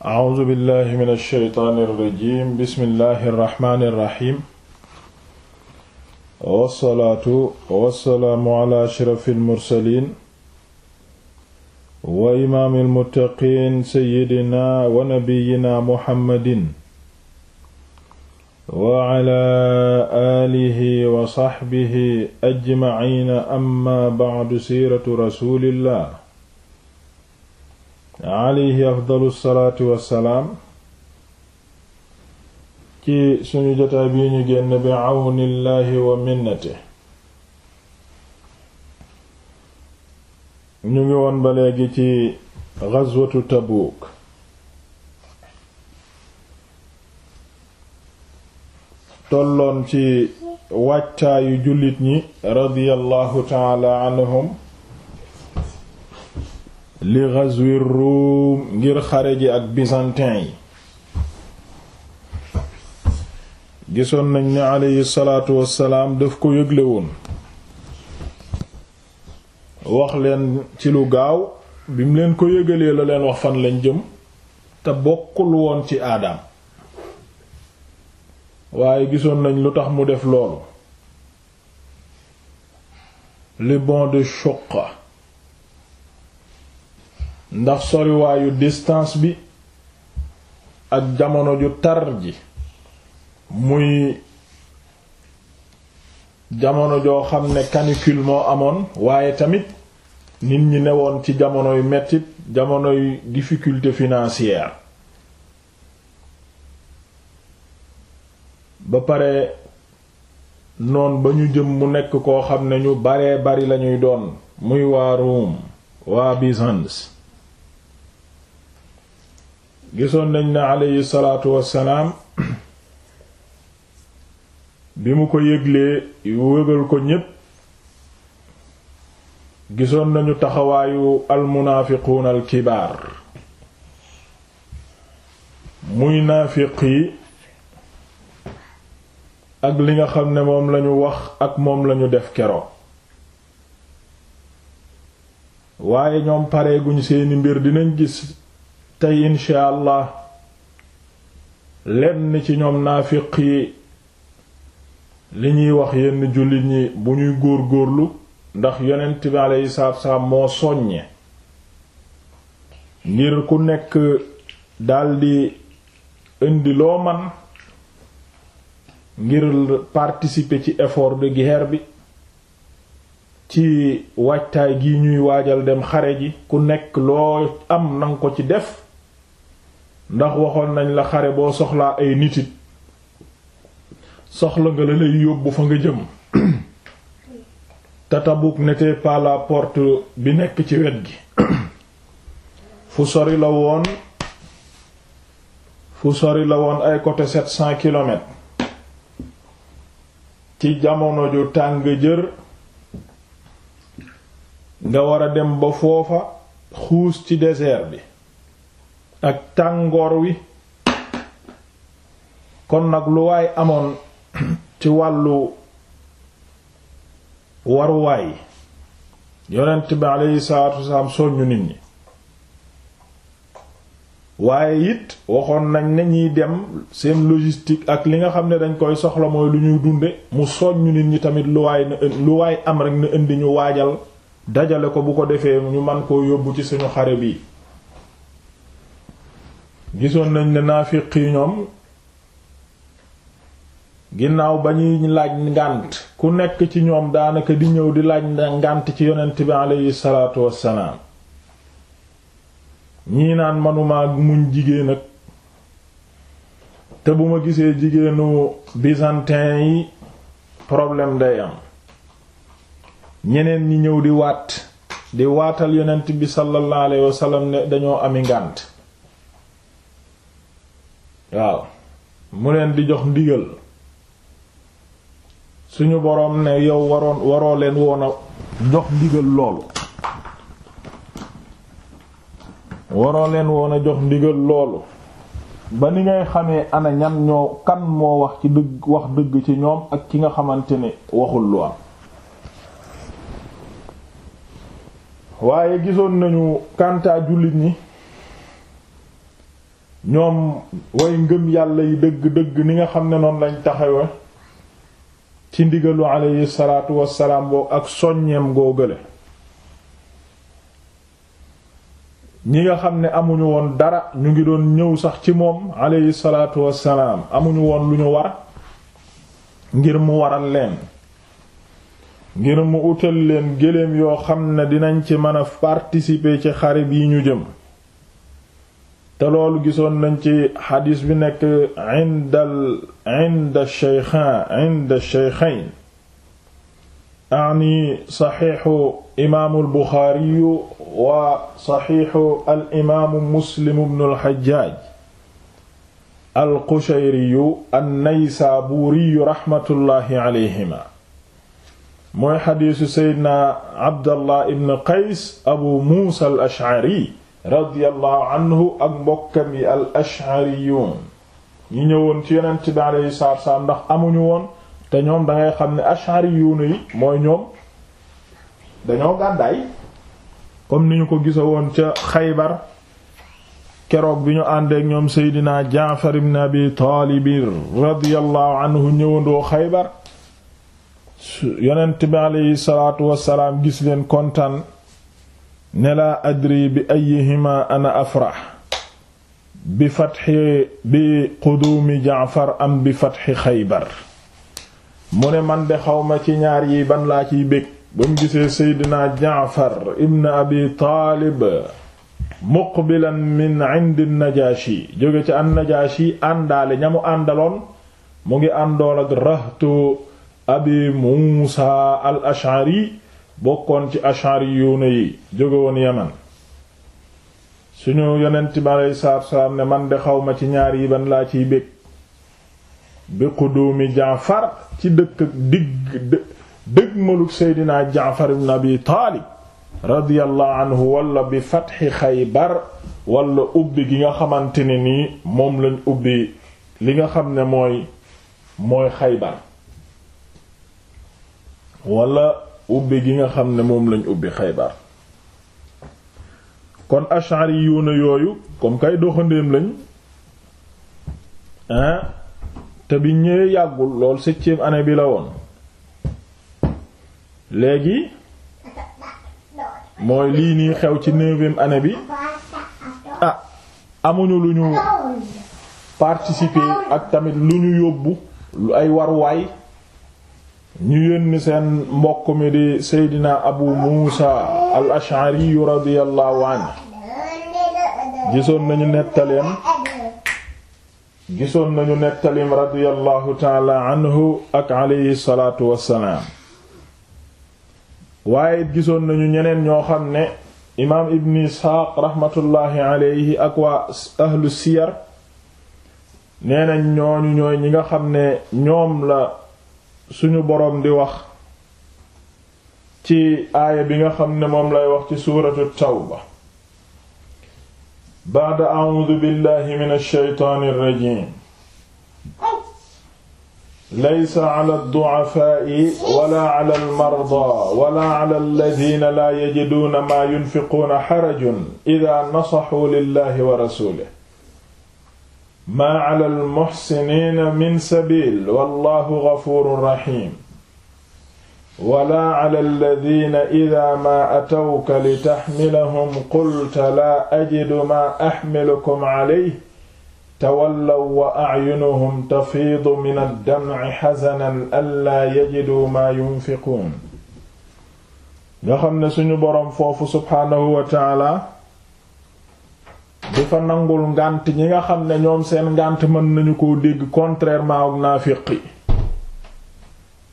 A'uuzu billahi mina shaytaani rajiim bismillahi rahmaani rahiim. Wassalaatu wassalaamu alaa ashrafil mursaliin. wa imaamil muttaqiin sayyidinaa wa nabiyyinaa Muhammadin. wa alaa aalihi wa saxbihi ajmaciina amma ba'du siiratu rasuulillah. alayhi afdalu salaatu salaam ci suñu jotaa bii ñu génn bi àwnillaahi wa minnate ñu ngi woon ba léegi ci gazwatu Tabuuk tolloon ci wàccaayu jullit ñi radiyallahu taala anhum li ghazwi ruum ngir xare ji ak byzantin yi gisoon nañ ne aleyhi salaatu wassalaam daf ko yëgle woon wax leen ci lu gaaw bi mu leen ko yëgalee la leen wax fan lañ jëm te bokkul woon ci aadaam waaye gisoon nañ lu tax mu def loolu li de choqa ndax soriwaayu distance bi ak jamono ju tar ji muy jamono joo xam ne canicule moo amoon waaye tamit nit ñi newoon ci jamonoy mettit jamonoy difficulté financière ba pare noon ba ñu jëm mu nekk koo xam ne ñu baree bari lañuy doon muy waa Rome waa Byzance gisoon nañ ne aleyhi salaatu wassalaam bi mu ko yëglee wëgal ko ñépp gisoon nañu taxawaayu almunaafiquun alkibaar muy naafiq yi ak li nga xam ne moom lañu wax ak moom lañu def keroog waaye ñoom pareeguñ seeni mbir dinañ gis tey incha allah lenn ci ñoom naafiq yi li ñuy wax yenn jullit ñi bu ñuy góor góorlu ndax yonent bi yi salaatu wasalaam moo soññe ngir ku nekk daldi indi loo man ngir participer ci effort de guerre bi ci waajtaay gi ñuy waajal dem xare ji ku nekk loo am nanga ko ci def ndax waxoon nañ la xare boo soxlaa ay nit soxla nga la lay yóbbu fa nga jëm te Tabuk n'était pas porte bi nekk ci wet gi fu sori la woon sori la woon ay côté sept cent kilomètres ci jamono ju tàng jër nga war a dem ba foofa xuus ci désert bi ak tàngoor wi kon nag lu waay amoon ci wàllu waruwaay yonent bi aleyhi salaatu wasalaam soññu nit ñi waaye it waxoon nañ ne ñiy dem seen logistique ak li nga xam ne dañ koy soxla mooy lu ñuy dunde mu soññu nit ñi tamit lu waay am rek na indi ñu waajal dajale ko bu ko defee ñu man koo yóbbu ci suñu xare bi gisoon nañ ne naafiq yi ñoom ginnaaw ba ñuy laaj ngànt ku nekk ci ñoom daanaka di ñëw di laaj ngànt ci yonent bi aleyhi salaatu wassalaam ñii naan manuma muñ jigéen ak te bu ma gisee jigéenu byzantin yi problème day am ñeneen ñi ñëw di waat di waatal yonent bi sallallahu alayhi wasallam dañoo ami ngànt waaw mu leen di jox ndigal suñu boroom ne yow waroon waroo leen woon jox ndigal loolu waroo leen woon a jox ndigal loolu ba ni ngay xamee ana ñan ñoo kan moo wax ci dëgg wax dëgg ci ñoom ak ki nga xamante ne waxul lu am waaye gisoon nañu kàntaa jullit ñi ñoom way ngëm yàlla yi dëgg-dëgg ni nga xam ne noonu lañ taxawe ci ndigalu aleyhi salaatu wassalaam boo ak soññeem googale ñi nga xam ne amuñu woon dara ñu ngi doon ñëw sax ci moom aleyhi salaatu wassalaam amuñu woon lu ñu war ngir mu waral leen ngir mu utal leen géléem yoo xam ne dinañ ci mën a participer ci xarib yi ñu jëm te loolu gisoon nañ ci xadis bi nekk inda inda shaykhayn inda shaykhayn ani saxiixu imaamu al-Buxaari wa saxiixu al-imaamu Muslim ibn al-Hajjaaj al-Qushayri an-Naysaabuuri raxmatullaahi alayhimaa mooy xadiisu Seydina Abdallah ibn Qays Abu Muusa al-Ash'ari radiyallahu anhu ak mbokkam yi al ash'ariyun ñi ñëwoon ci yonent bi alayhi salaatu salaam ndax amuñu woon te ñoom da xam ne ash'ariyun yi mooy ñoom dañoo gàddaay comme ni ñu ko gisa woon ca Xaybar keroog bi ñu àndeek ñoom Seydina Jaafar ibn Abi Taalib radiyallahu anhu ñëwandoo Xaybar yonent bi alayhi salaatu wassalaam gis leen kontaan ne laa adri bi ayyihimaa ana afrax bi fatxi bi quduumi jaafar am bi fatxi xaybar mu ne man de xawma ci ñaar yi ban laa ciy bég ba mu gisee seydina jaafar ibn abi taalib muqbilan min indi ci an najaashi àndaale mu àndaloon mu ngi àndoon ak rahtu abi muusa al ashari bokkoon ci ashari yuuna yi jógewoon yaman suñu yonent bi ne man di xawma ci ñaari yi laa ciy bég bi quduumi jaafar ci dëkk digg dëgg maluk seydinaa jaafar ibn abi taalib radiyallahu anhu bi fatxi xaybar wala ubbi gi nga xamante nii moom lañ ubbi li nga xam ne mooy mooy xaybar wala ubbi gi nga xam ne moom lañ ubbi xaybar kon ashari yuuna yooyu comme kay doxandéem lañ ah te bi ñëwee yàggul lool septième année bi la woon léegi mooy lii nii xew ci neuvième année bi ah amuñu lu ñu participer ak tamit lu ñu yóbbu lu ay waruwaay ñu yónni seen mbokk mi di seydina abu muusa al ashari radiyallahu anhu gisoon nañu nettaleem gisoon nañu nettaleem radiyallahu taala anhu ak alayhi salaatu wassalaam waaye gisoon nañu ñeneen ñoo xam ne imaam ibn isxaaq raxmatullaahi alayhi ak waa ahlu siyar nee ñooñu ñooy ñi nga xam ne ñoom la suñu boroom di wax ci aaya bi nga xam ne moom lay wax ci suuratu tawba baada audu billahi min alsheytaani rrajim laysa ala adduafaai wala ala almarda wala ala alladina laa yajiduuna maa yunfiquuna xarajun ida nasaxuu lillahi wa rasulihi maa ala almuxsiniina min sabil wallahu gafuurun raxiim wala ala alladina ida maa atawka litaxmilahum qulta laa ajidu maa axmilukum caleyh tawallaw wa acyunuhum tafiidu min addamci xasanan anlaa yajiduu maa yunfiquun nga xam ne suñu boroom foofu subxaanahu wa taala di fa nangul ngànt ñi nga xam ne ñoom seen ngànt mën nañu koo dégg contrairement ak naafiq yi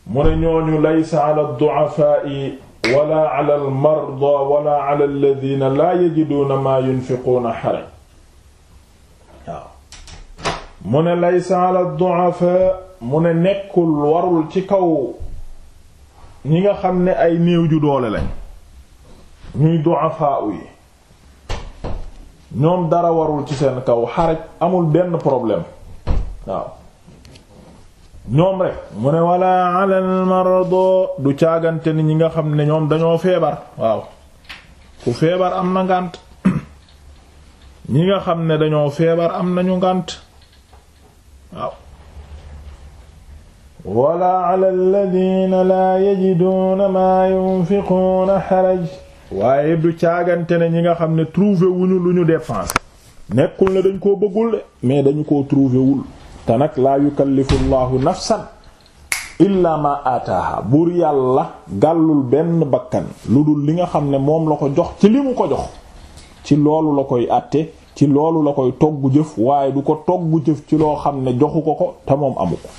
mu ne ñooñu laysa ala du'afaa'i wala ala almarda wala laa yajiduuna maa yunfiquuna xaraj mu ne laysa ala du'afaa nekkul warul ci kaw ñi nga xam ne ay néew ju doole lañ ñuy du'afaa yi ñoom dara warul ci seen kaw xaraj amul benn problème waaw ñoom rek mu ne wala alal marado du caagante ni ñi nga xam ne ñoom dañoo feebar waaw ku feebar am na ngànt ñi nga xam ne dañoo feebar am nañu ngànt waaw wala ala alladina la yajiduuna ma yunfiquuna xaraj waaye du caagante ne ñi nga xam ne trouver wuñu lu ñu dépenser nekkul ne dañ koo bëggul de mais dañu ko trouver wul te nag laa yukallifu llahu nafsan illa ma ataaha buur yàlla gàllul benn bakkan lu dul li nga xam ne moom la ko jox ci li ko jox ci loolu la koy àtte ci loolu la koy togg jëf du ko togg jëf ci loo xam ne joxu ko ko te moom amu ko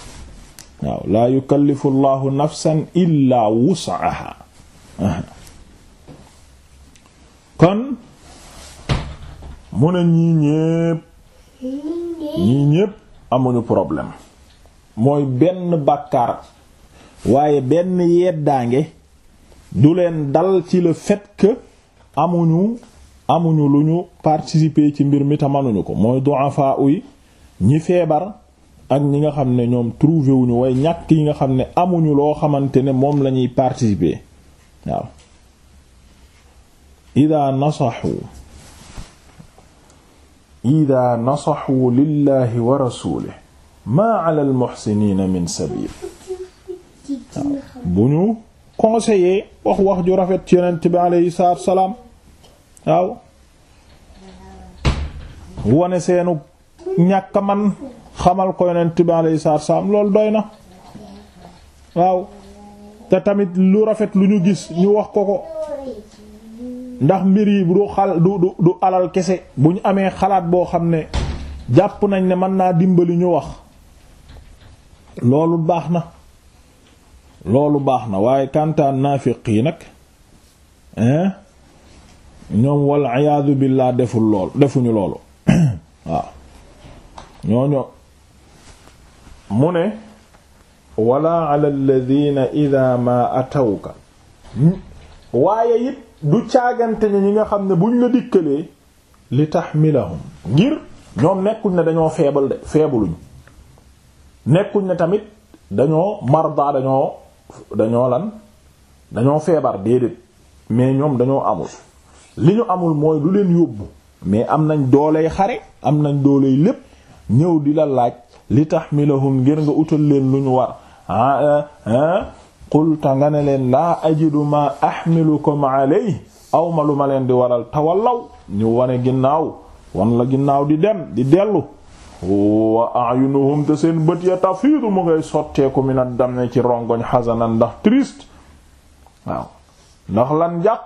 waaw laa yukallifu llahu nafsan illa wus'aha kon mu ne ñii ñépp ñii ñépp amuñu problème mooy benn bàkkaar waaye benn yeddaange du leen dal ci le fetk amuñu amuñu lu ñu participer ci mbir mi te manuñu ko mooy du'afa uy ñi feebar ak ñi nga xam ne ñoom trouvé wuñu waaye ñàkk yi nga xam ne amuñu loo xamante ne moom lañuy ñuy participer ida nasaxu ida nasaxu lillahi wa rasulih ma ala al muhsiniina min sabil bu ñu conseiller wax wax ju rafet ci yonent bi alayhi salaatu wassalaam waaw wane seenu ñàkk man xamal ko yonent bi alayhi salaatu wassalaam loolu doy na waaw te tamit lu rafet lu ñu gis ñu wax ko ko ndax mbir yi du xal du du du alal kese bu ñu amee xalaat boo xam ne jàpp nañ ne mën naa dimbali ñu wax loolu baax na loolu baax na waaye kantaan naafiq yi nag hein ñoom wal ayaadu billaah deful lool defuñu loolu waaw ñooñu mu ne wala ala alladhina idha ma atawka waaye it du caagante ne ñi nga xam ne bu ñu la dikkalee li tahmilahum ngir ñoom nekkuñ na dañoo feebal de feebuluñ nekkuñ ne tamit dañoo marda dañoo lan dañoo feebar déedéet mais ñoom dañoo amul li ñu amul mooy lu leen yóbbu mais am nañ dooley xare am nañ dooley lépp ñëw di la laaj li tax tahmilahum ngir nga utal leen lu ñu war ah, ah, ah. qulta nga ne leen laa ajidu ma ahmilukum alayhi aw ma lu ma leen di waral tawallaw ñu wane ginnaaw wan la ginnaaw di dem di dellu wa a'yunuhum te seen bët ya tafiidu mu ngay sotteeku min ad-dam ci rongoñ xasanan ndax triste waaw ndax lan njàq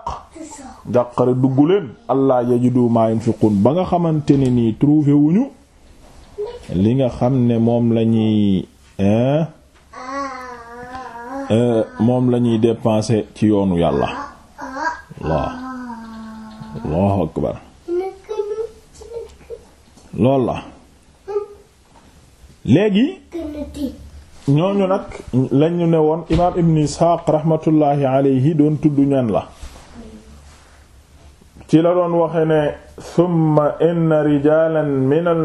njàqare dugg leen allah yajidu ma yunfiqun ba nga xamante ne nii trouvé li nga xam ne moom lañuy Euh, moom la ñuy dépenser ci yoonu yàlla waaw allahu akbar lool la léegi ñooñu nag lañu ne woon imaam ibn isxaaq raxmatullaahi alayhi doon tudd ñan la ci la doon waxe ne thumma inna rijaalan min al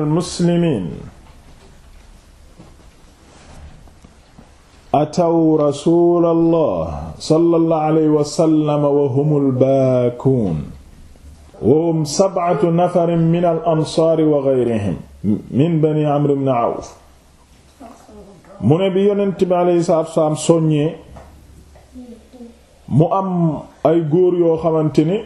ataw rasulallah sallallahu alayhi wa sallam wa humul baakuun wa hum sab'atu nafarin minal ansaari wa ghayrihim min bani amr ibn awf mu ne bi yonent bi alayhi salaatu wa salaam soññee mu am ay góor yoo xamante ni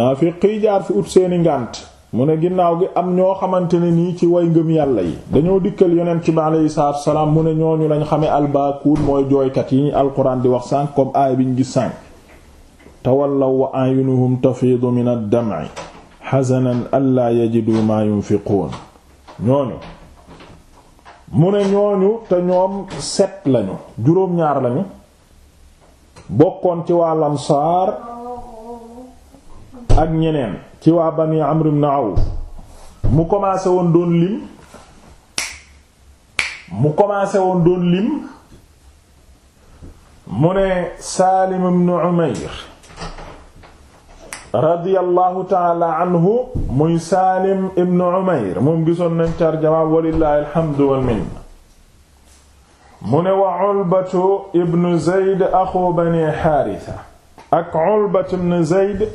naafiq yi jaar fi ut seeni ngànt mu ne ginnaaw gi am ñoo xamante ne nii ci way ngëm yàlla yi dañoo dikkal yonent bi aleyhi salaatu salaam mu ne ñooñu lañu xamee albaakuun mooy jooykat yi ñu di wax sànq comme aay bi ñu gis sànq tawallaw wa ayunuhum tafiidu min ad-dam'i hazanan allaa yajidu maa yunfiquun ñooñu mu ne ñooñu te ñoom set lañu juróom-ñaar lañu bokkoon ci waa lansaar ak ñeneen ci waa bani Amr ibn Awf mu commencé woon doon lim mu commencé woon doon lim mu ne Saalim ibn Umayr radiyallahu taala anhu muy Saalim ibn Umayr moom gisoon nañ tarjama walillahi alhamdu wal mu ne wa Ulbatu ibn Zayd ak Ulbatu ibn Zayd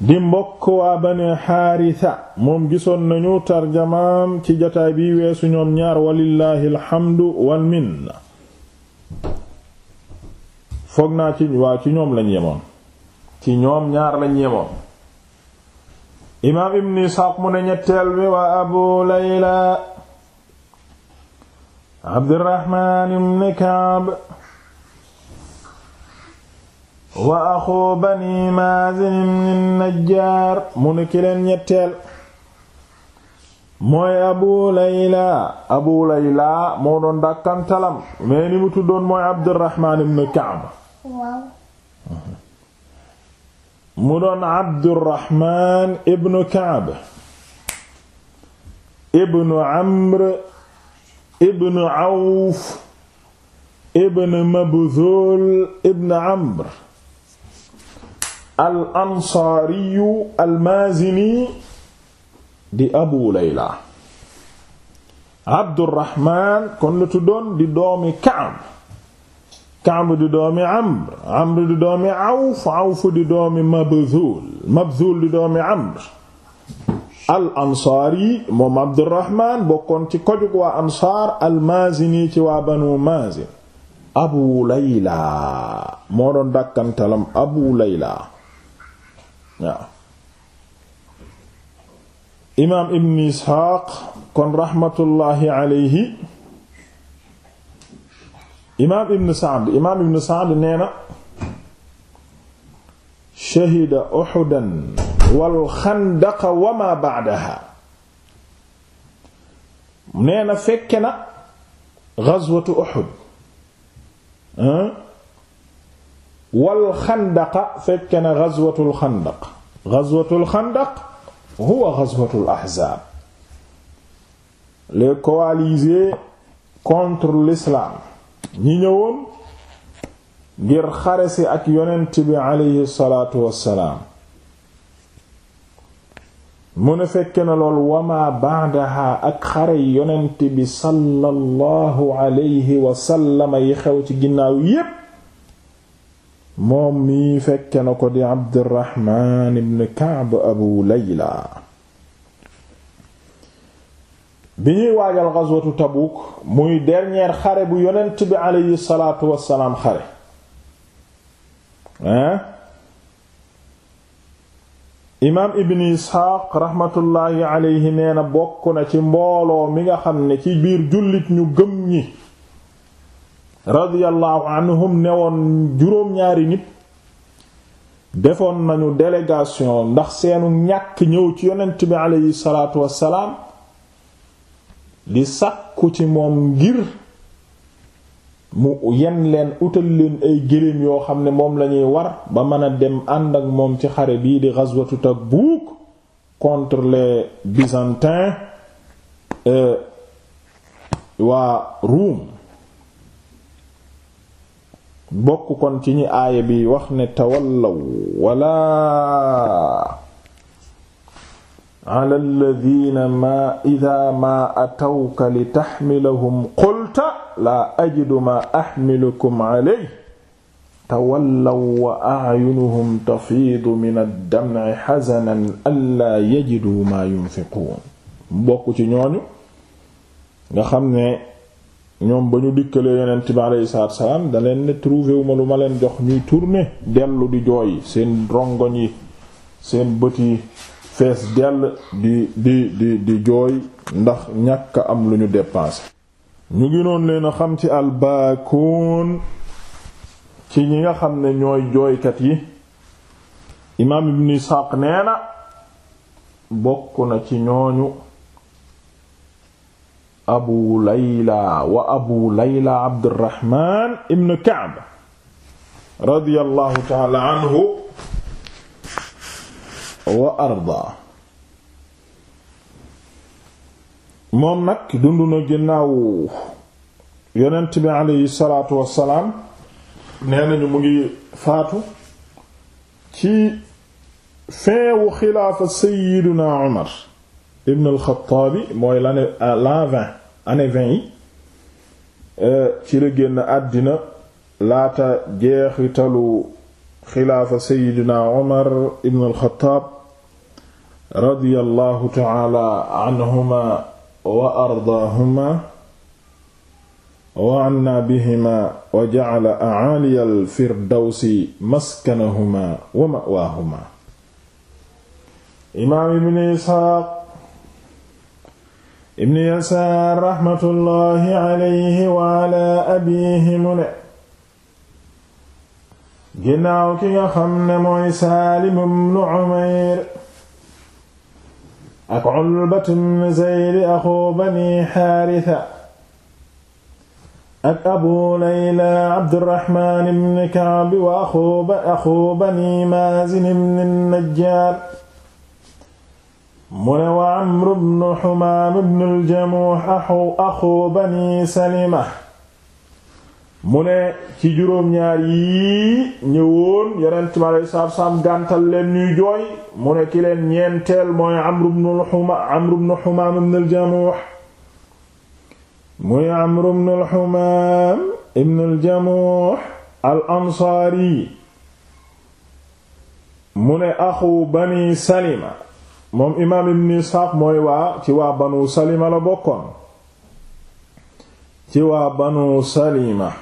di mbokk waa bani xaarisa moom gisoon nañu tarjamaam ci jataay bi weesu ñoom ñaar walillaahi alxamdu wal minna foog naa ci waa ci ñoom lañ yemoon imaam ibn isxaaq mu ne ñetteel waa abu layla abdurrahmaan ibn kaab wa axu bani maazin ibn najjaar mu ne ki leen mooy abu layla abu layla moo doon dàkkantalam mais ni mu tuddoon mooy abdurrahmaan ibn kaab mu doon abdurrahmaan ibn kaab ibn amr ibn awf ibn mabdhul ibn amr al ansaariyu di abu layla abdurrahman kon la tuddoon di doomi kaab kaab di doomi amr amr di doomi awf awf moom abdurrahman bokkoon ci kojug waa ansaar al maazini banu maazin abu layla moo doon abu layla waaw imaam ibn isxaaq kon raxmatullaahi alayhi imaam ibn saad imaam ibn saad nee na shahida uxudan wal xandaqa wa ma ba'daha nee na fekke na gazwatu uxud wal xandaqa fekk na ghazwatul xandaq ghazwatul xandaq huwa ghazwatul ahzab les coalisés contre l'islam ñi ñëwoon ngir xare si ak yonent bi aleyhi salaatu wassalaam mu ne fekk na lool wama baadaha ak xare yonent bi sallallahu alayhi wasallama yi xew ci ginnaaw yépp moom mii fekke na ko di abdirahman ibn kaab abu layla bi ñuy waajal gazwatu tabuk muy dernier xare bu yonent bi aleyhi salaatu wassalaam xare hein imaam ibn isxaaq raxmatullaahi aleyhi nee na bokk na ci mbooloo mi nga xam ne ci biir jullit ñu gëm ñi radiyallahu anhum newoon juróom-ñaari nit defoon nañu délégation ndax seenu ñàkk ñëw ci yonent bi aleyhi salaatu wassalaam di sàkku ci moom ngir mu yen leen utal leen ay gëléem yoo xam ne moom lañuy war ba mën a dem ànd ak moom ci xare bii di ghazwatu Tabuk contre les byzantins euh, waa Ruum bokk kon ci ñi aaya bi wax ne tawallaw wala ala ma idha ma tahmilahum qulta la ajidu ma ahmilukum alayhi tawallaw wa a'yunuhum tafiidu min ad-dam'i hazanan alla ma yunfiqun ci ñoom ba ñu dikkalee yonent bi alayhi salaam da leen ne trouvé wu ma lu ma leen jox ñuy tourner dellu di jooy seen rongoñ yi seen bët yi fees dell di di di jooy ndax ñàkk am lu ñu dépensé. ñu ginoon leen a xam ci albaakoon ci ñi nga xam ne ñooy jooykat yi imaam ibn Isaaq nee na bokk na ci ñooñu. abu layla wa abu layla abdurrahman ibn ka'b radiyallahu taala anhu wa arda moom nag dund na ginnaaw yonent bi aleyhi salaatu wassalaam nee nañu mu ngi faatu ci feewu xilaafa sayyiduna Umar ibn al-Khattaab mooy l'an l'an vingt année vingt yi euh, ci la génn àddina laata jeexitalu xilaafa seydina Umar ibn al-Xattaab radiyallahu ta'ala anhuma wa ardaahuma wa anna bihima wa ja'ala a'aaliya al-firdawsi maskanahuma wa ma'waahuma imaam ibn Isxaaq ibn yasaar raxmatullaahi alayhi wa ala abiihi mu ne ginnaaw ki nga xam ne mooy saalim ibnu umayr ak ulbat ibn zayd axu bani xaarisa ak abu layla abdurraxmaan ibn ka'b wa axu bani maazin ibn najjaar mu ne wa amru bnu xumaam bnu aljamuux axu axu bani salima mu ne ci juróom-ñaar yii ñëwoon yonent mi aleyhi salaatu salaam gàntal leen ñuy jooy mu ne ki leen ñeenteel mooy amru bnu xumaam amru bnu xumaam bnu aljamuux muy amru bnu alxumaam bnu aljamuux al ansaari mu ne axu bani salima moom imaam ibn isxaaq mooy waa ci waa banu salima la bokkoon ci waa banu salima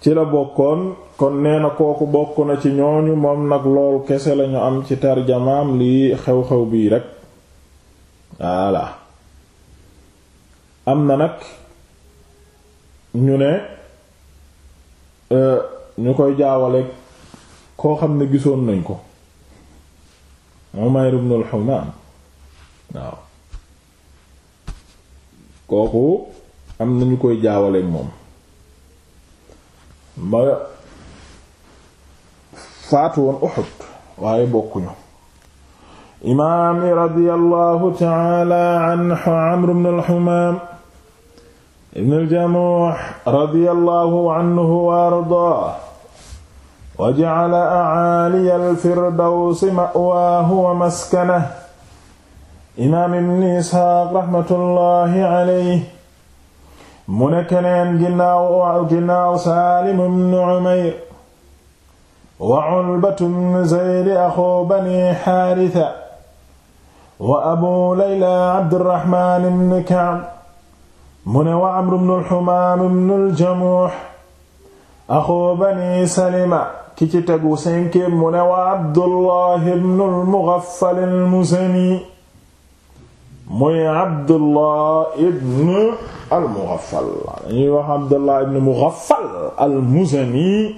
ci la bokkoon kon nee na kooku bokk na ci ñooñu moom nag lool kese lañu am ci tarjamaam lii xew-xew bii rek waala am na nag ñu ne euh, ñu koy jaawale koo xam ne gisoon nañ ko Umayr ibn al-Humaam waaw kooku am nañu koy jaawale moom ma faatu woon Uhud waaye bokkuñu imaami radiyallahu ta'ala anhu Amr ibn al-Humaam ibn al-Jamuh radiyallahu anhu wa ardaahu wa jacala acaaliya alfirdawsi ma'waahu wa maskanahu imaam ibn isxaaq raxmatullahi alayhi mu ne keneen ginnaaw ginnaaw saalim ibn umayr wa culbatu ibn zayd axu bani xaarisa wa abu layla abdurraxmaan ibn kacb mu ne wa camru ibn alxumaam ibn aljamuux axu bani salima ki ci tegu cinquième mu ne wa abdullah ibn al-mughaffal al-muzani muy abdullah ibn al-mughaffal al-muzani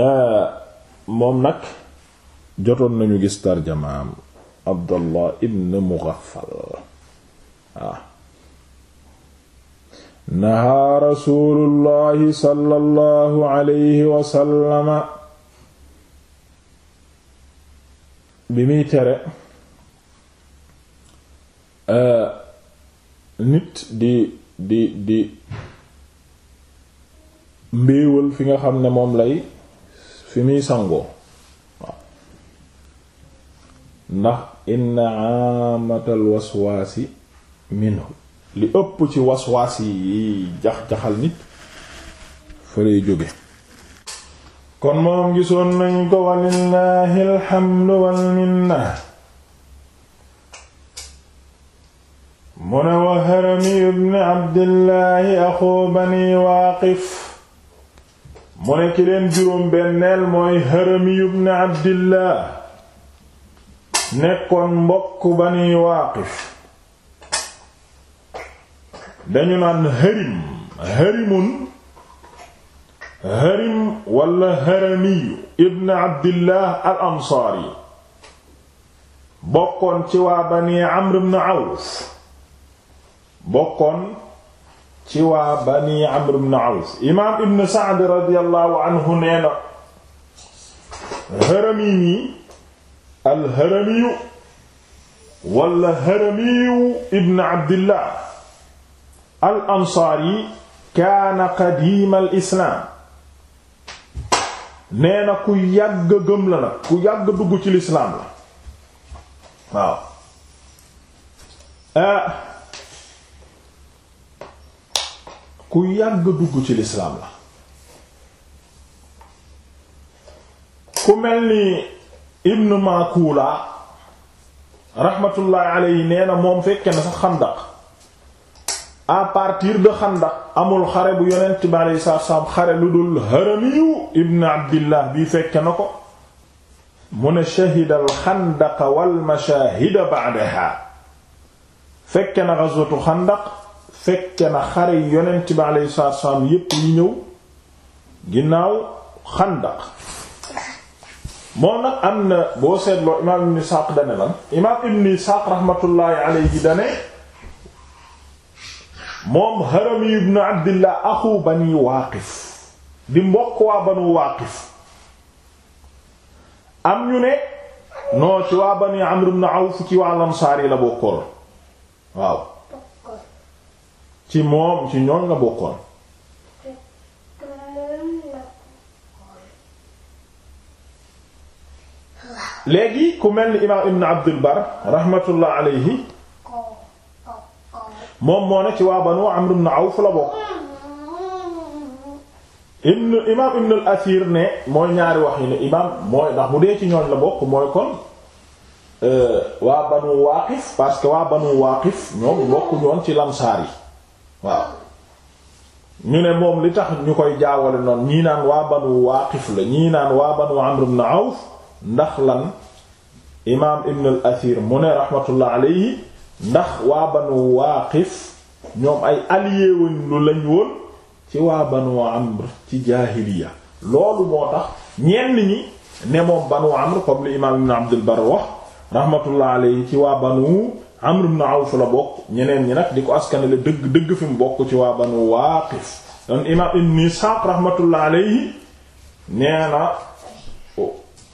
eh, moom nag jotoon nañu gis tarjamaam abdullah ibn mughaffal waaw nahaa rasuulullahi sallallahu alayhi wasallama bi muy tere nit di di di mbéewal fi nga xam ne moom lay fi muy sangoo waaw ndax inna aamatal waswaasi minhu li ëpp ci waswaas yi jax-jaxal nit fa lay jóge kon moom gisoon nañu ko walillahi alhamdu wal minna mu ne wa harami ibni abdillahi axu bani waaqif mu ne ki leen juróom benneel mooy harami ibni abdillah nekkoon mbokk bani waaqif dañu naan harim harimun harim wala haramiyu ibn abdillah al ansaari bokkoon ci waa bani amr ibn awf bokkoon ci waa bani amr ibn awf imaam ibn sa'd radiyallahu anhu nee na harami nii al haramiyu wala haramiyu ibn abdillah al ansaari kaana qadiimal islaam nee na ku yàgg gëm la nag ku yàgg dugg ci lislaam la waaw ah. ku yàgg dugg ci lislaam la ku mel ni ibnu maakula raxmatullaahi alayhi nee na moom fekke na sax xandaq à partir de xanda amul xare bu yonent bi aleyhi salaatu wa xare lu dul haramiyu ibn abdillah bii fekke na ko mu ne shahida al xandaqa wal mashaahida ba'daha fekke na ghazwatu xandaq fekke na xare yi yonent bi aleyhi salaatu wa salaam yépp yi ñëw ginnaaw xandaq moom nag am na boo seetloo imaam ibn Isaaq dane lan imaam ibn Isaaq rahmatullahi aleyhi dane moom Harami ibn Abdillah axu bani Waaqif di mbokk waa banu Waaqif am ñu ne non ci waa bani Amr ibn Awf ci waa Ansaar la bokkoon waaw ci moom ci ñoon la bokkoon léegi ku mel ni imaam Ibn Abdul Bar rahmatullah alayhi moom moo ne ci waa banu Amr na Awf la bokk ibn imaam ibn al ne mooy ñaari wax yi ne imaam mooy ndax bu dee ci ñooñ la bokk mooy kon euh, waa banu Waaqif parce que waa banu Waaqif ñoom bokk ñoon ci lamsaar yi waaw ñu ne moom li tax ñu koy jaawale noonu ñii naan waa banu Waaqif la ñii naan waa banu Amr ibn Awf ndax lan imaam ibn al-Asir mu ne rahmatullah alayhi ndax waa banu waaqif ñoom ay allié wuñ lu lañ woon ci waa banu amr ci jaahiliya loolu moo tax ñenn ñi ne moom banu amr comme li imaam ibn abdul bar wax alayhi ci waa banu amr ibn awf la bokk ñeneen ñi nag di ko askanale dëgg dëgg fi mu bokk ci waa banu waaqif don imaam ibn isxaaq rahmatullah alayhi nee na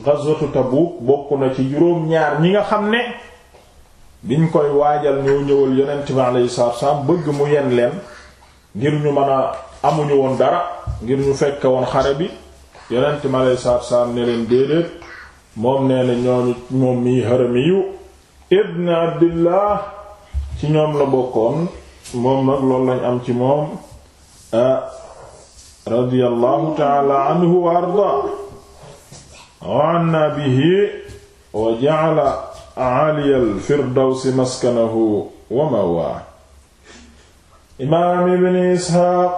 gazwatu tabuk bokk na ci juróom-ñaar ñi nga xam ne biñ koy waajal ñoo ñëwal yonent bi alayhi salaatu wassalaam bëgg mu yen leen ngir ñu mën a amuñu woon dara ngir ñu fekke woon xare bi yonent bi alayhi salaatu wassalaam ne leen déedéet moom nee na ñooñu moom mii Haramiyu ibn Abdillah ci ñoom la bokkoon moom nag loolu lañ am ci moom radiyallahu ta'ala anhu wa ja'ala aliyal firdawsi maskanahu wa mawaa imaam ibn isxaaq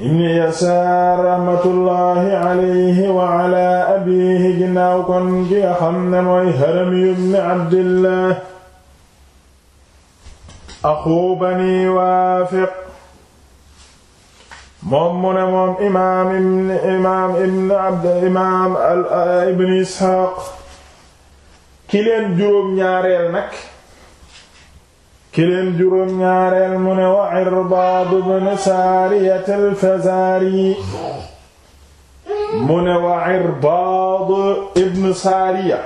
ibn yasaar raxmatullaahi alayhi wa ala abiihi ginnaaw kon gi nga xam ne mooy haramiyu ibn abdillah axu bani waafiq moom mu ne moom imaam ibn imaam ibn abd imaam ibn isxaaq kileen leen juróom-ñaareel nag ki leen juróom-ñaareel mu ne wa Irbaad ibn Saariyat al wa Irbaad ibn Saariya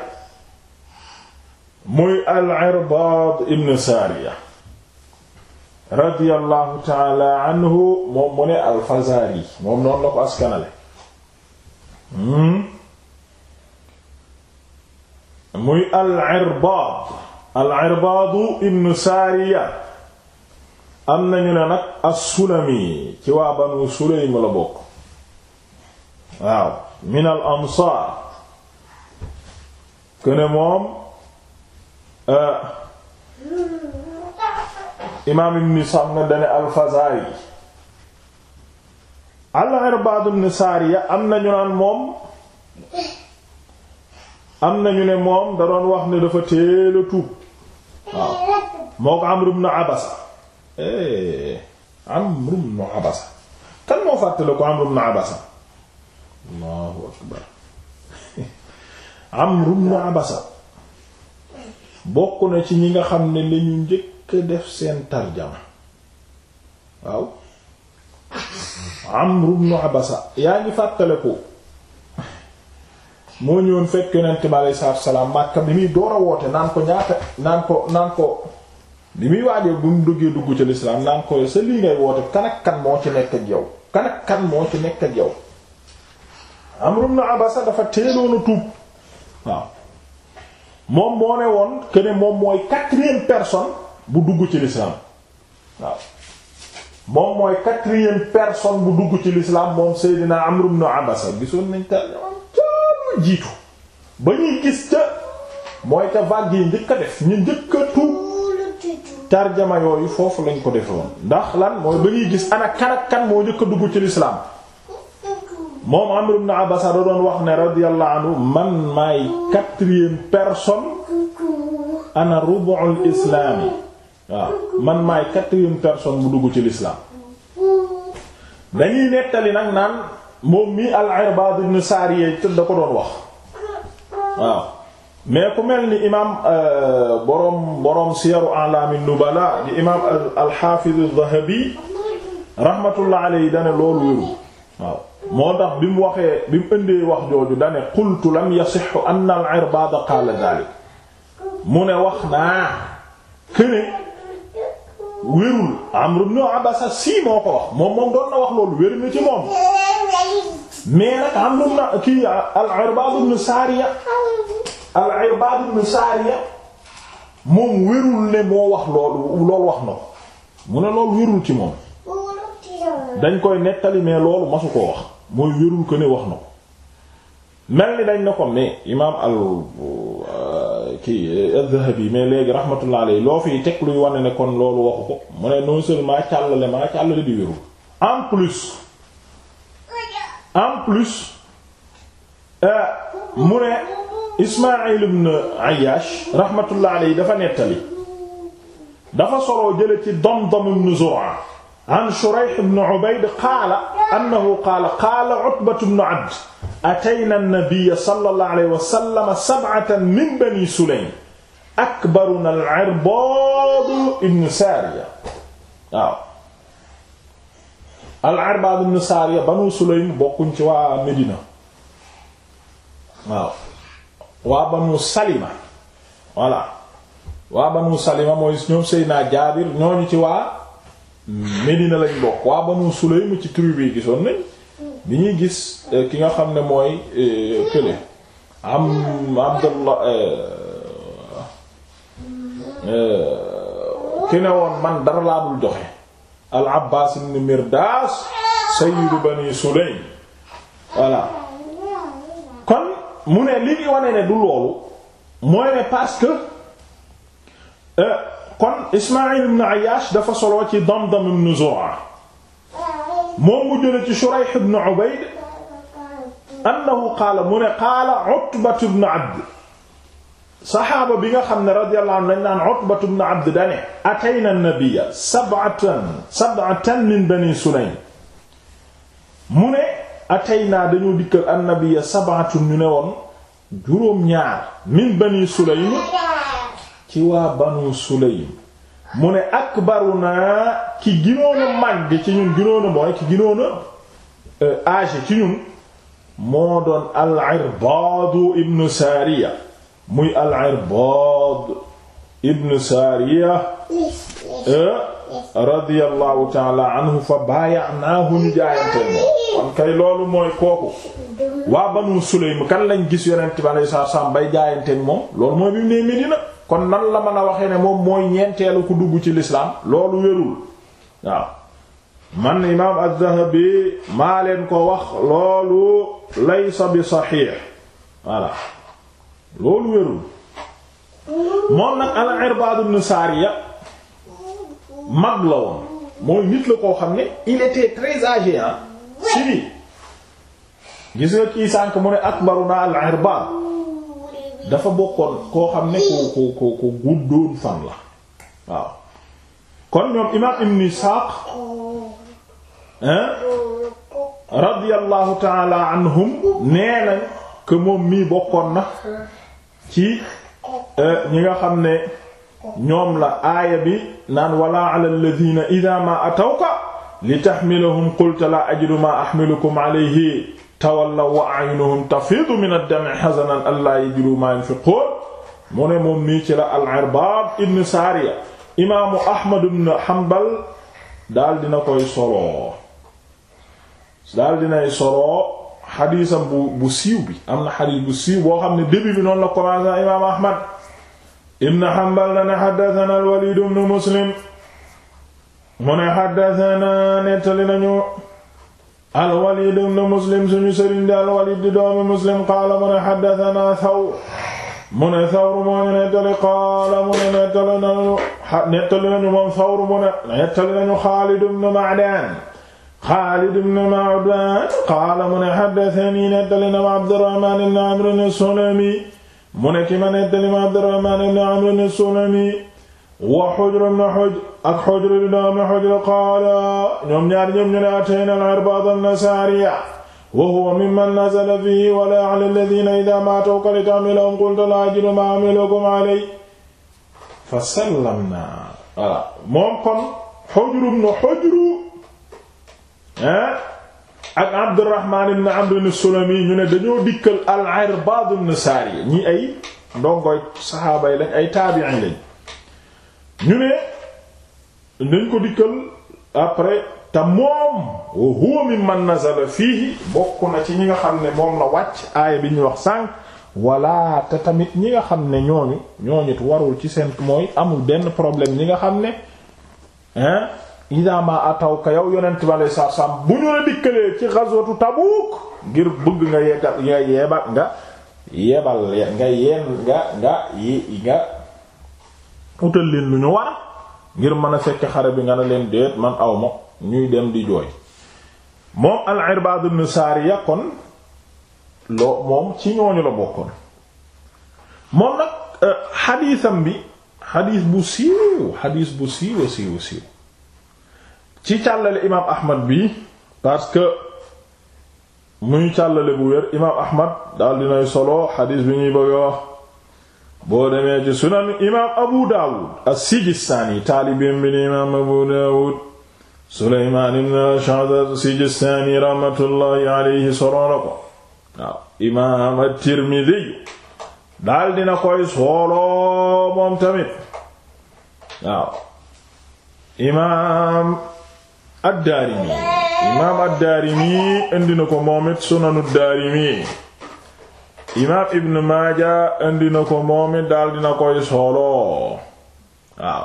muy al-Irbaad ibn Saariya radiyallahu taala anhu moom mu ne al-Fazaari moom noonu muy al-Irbaad al-Irbaad ibn Saariya am nañu ne nag as-Sulami ci waa Banu Sulaym la bokk waaw min al-Ansaar këne moom eh, imaam ibn Sa'd na dane al-Fazaari al-Irbaad ibn Saariya am nañu naan moom am na ñu ne moom da doon wax ne dafa teel a tuub waaw moo ko Amru ibn Abasa eh, Abasa kan moo fàttale Abasa bokk na ci ñi nga xam ne li ñu njëkk def seen tarjama waaw Amru ibn Abasa yaa ngi fàttale ko moo ñëwoon fekk yonent bi aleyhi salaatu salaam Makka bi muy door a woote naan ko ñaata naan ko naan ko bi muy waajee bu mu duggee dugg ci lislaam naan ko sa lii ngay woote kan moo ci nekk ak yow kan ak moo ci nekk ak yow. Abasa dafa teeloon a tuub waaw moom moo ne woon que ne moom mooy quatrième bu dugg ci lislaam waaw moom mooy person bu dugg ci lislaam moom Seydina Amru ibn Abasa gisoon nañ teel. jiitu ba ñuy gis ca mooy ca vague yi njëkk a def ñu njëkk tarjama yooyu foofu lañ ko defe ndax lan mooy ba ñuy gis ana kan kan moo njëkk a dugg ci lislaam moom Amr ibn Abbas da doon wax ne radiyallahu anhu man maay quatrième personne ana rubu'ul yi man maay quatrième personne bu dugg ci lislaam dañuy nettali nag naan moom mii al-Irbaad ibn Saariya da ko doon wax waaw mais ku mel ni imaam euh, boroom boroom Siyaru A'laami Nubala di imaam al-Haafiz az-Zahabi rahmatullah alayhi dane loolu wéru waaw moo tax bi mu waxee bi mu ëndee wax jooju dane qultu lam yasihhu anna al-Irbaad qaala daalik mu ne wax naa këne wérul Amr ibn Abasa si moo ko wax moom moom doon na wax loolu wéru ni ci moom mais nag am na kii al-Irbaad ibn Saariya al-Irbaad ibn Saariya moom wérul ne moo wax loolu loolu wax na ko mu ne loolu wérul ci moom dañ koy nettali mais loolu masu koo wax mooy wérul ko ne wax na ko mel ni dañ na ko ne imaam al euh, kii az-Zahabi mais léegi rahmatullah alayhi loo fiy teg luy wane ne kon loolu waxu ko mu ne non seulement càllale ma càllale di wérul en plus en plus euh, mu ne Ismaïl ibn Ayyash rahmatullah alayhi dafa nettali dafa soloo jële ci Damdam ibn Zur'a an Shurayh ibn Ubayd qaala annahu qaala qaala Utbatu ibn Abd atayna an-nabiyya sallallahu alayhi wa sallam sab'atan min bani Sulaym akbaruna al-Irbaad ibn Saariya waaw al-Irbaad ibn Saariya Banu Sulaym bokkuñ ci waa Medina waaw waa Banu Salima voilà waa Banu Salima mooy ñoom Seydina Jaabir ñooñu ci waa Medina lañ bokk waa Banu Sulaym ci tribu bi gisoon nañ bi ñuy gis eh, ki nga xam ne mooy eh, kële am Abdullah eh, ki ne woon man dara laa dul joxe al abbaas ibn mirdaas sayyidu bani sulaym voilà kon mu ne li ngi wane ne du loolu mooy ne parce que euh, kon ismail ibn ayyash dafa soloo ci damdam ibn zur'a moom mu jële ci shurayh ibn ubayd annahu qaala mu ne qaala utbatu ibn abd saxaaba bi nga xam ne radiyallahu anhu dañ naan Utbatu ibn Abd dane atayna an-nabiyya sab'atan sab'atan min bani Sulaym mu ne atayna dañoo dikk an-nabiyya sab'atun ñu ne woon juróom-ñaar min bani Sulaym ci waa banu Sulaym mu ne akbaruna ki ginoon a ci ñun ginoon mooy ki ginoon a euh, ci ñun moo doon al-Irbaad ibn Saariya muy al-Irbaad ibn Saariya eh, radiyallahu taala anhu fa baayanaahu ñu jaayante kon kay loolu mooy kooku waa Banu Sulaym kan lañ gis yonent bi alayhi salaam bay jaayante moom loolu mooy bi mu nee Medina kon nan la mën a waxee ne moom mooy ñeenteelu ku dugg ci lislaam loolu wérul waaw man imaam az-Zahabi maa leen ko wax loolu laysa bi saxiix voilà loolu wérul moom nag al Irbaad ibn Saariya mag la woon mooy nit la koo xam ne il était très âgé ah si bi gis nga kii sànk mu ne akbaruna al Irbaad dafa bokkoon koo xam ne ku ku ku guddoon fan la waaw kon ñoom imaam ibn Isaaq radiyallahu taala anhum nee nañ que moom mii bokkoon na ci euh, ñi nga xam ne ñoom la aaya bi naan wala ala alladhina idha ma atawka li tahmilahum qulta la ajidu ma ahmilukum alayhi tawallaw wa a'yunuhum tafidu min ad-dam'i hazanan alla ma yunfiqun mu ne moom nii ci la al-Irbaad ibn Saariya imaamu Ahmad ibn Hanbal daal dina koy solo solo xadiisam bu bu siiw bi am na xadiis bu siiw boo xam ne début bi noonu la commencé imaam Ahmad ibn Hanbal dane xaddatana al-Walid ibn Muslim mu ne xaddatana nettali nañu al-Walid ibn Muslim suñu sëriñ di al-Walid di doomi Muslim qaala mu ne xaddatana Thawr mu ne Thawr moo ñu nettali qaala mu ne nettali nañu nettali nañu moom Thawr mu ne nettali nañu Xaalid ibn Ma'daan Xaalid ibn Ma'daan qaala mu ne haddathanii nettali na ma Abdurrahmaan ibn Amr as-Sulami mu ne ki ma nettali ma Abdurrahmaan ibn Amr as-Sulami wa Hujr ibn Hujr ak Hujr ibn Hujr qaala ñoom ñaar ñoom ñu ne ataynaa al-Irbaad an-Nasaariya wa huwa mimman nazala fiihi wa laa 'alaa alladhiina idhaa maatawka litahmilahum qulta laa ajidu maa ahmilukum 'alayhi fa sallamnaa voilà moom kon Hujr ibn Hujr ak Abdurrahman ibn Amr as-Sulami ñu ne dañoo dikkal al-Irbad ibn ñi ay ndongoy saxaaba yi lañ ay taabi'in lañ ñu ne dañ ko dikkal après te moom wa huwa mimman nazala fiihi bokk na ci ñi nga xam ne moom la wàcc aaya bi ñuy wax sànq wala te tamit ñi nga xam ne ñooñu ñooñu warul ci seen mooy amul benn problème ñi nga xam ne hein idama atawka yow yonent bi alei saa bu ñu la dikkalee ci ghazwatu Tabuk ngir bëgg nga yegal nga yeebal nga yeebal nga yeen nga nga yi nga utal leen lu ñu war ngir mën a fekk xare bi nga ne leen déet man aw ma ñuy dem di jooy moom al-Irbad ibn Sariya kon loo moom ci ñooñu la bokkoon moom nag euh, xadiisam bi xadiis bu siiw xadiis bu siiw siiw siiw ci càllale imaam ahmad bi parce que mu càllale bu wér imaam ahmad daal dinay solo xadiis bi ñuy bëgg wax boo sunan imaam abu daawud as-sijistaani taalibiin bi ni imaam abu daawud suleymaan ibn ash'ath as-sijistaani raxmatullaahi alayhi solo na ko waaw imaam at-tirmidhi daal dina solo moom tamit waaw ad-Daarimi imaam ad indi na ko moom it sunanu ad imaam Ibn Maaja indi na ko moom it daal dina koy solo waaw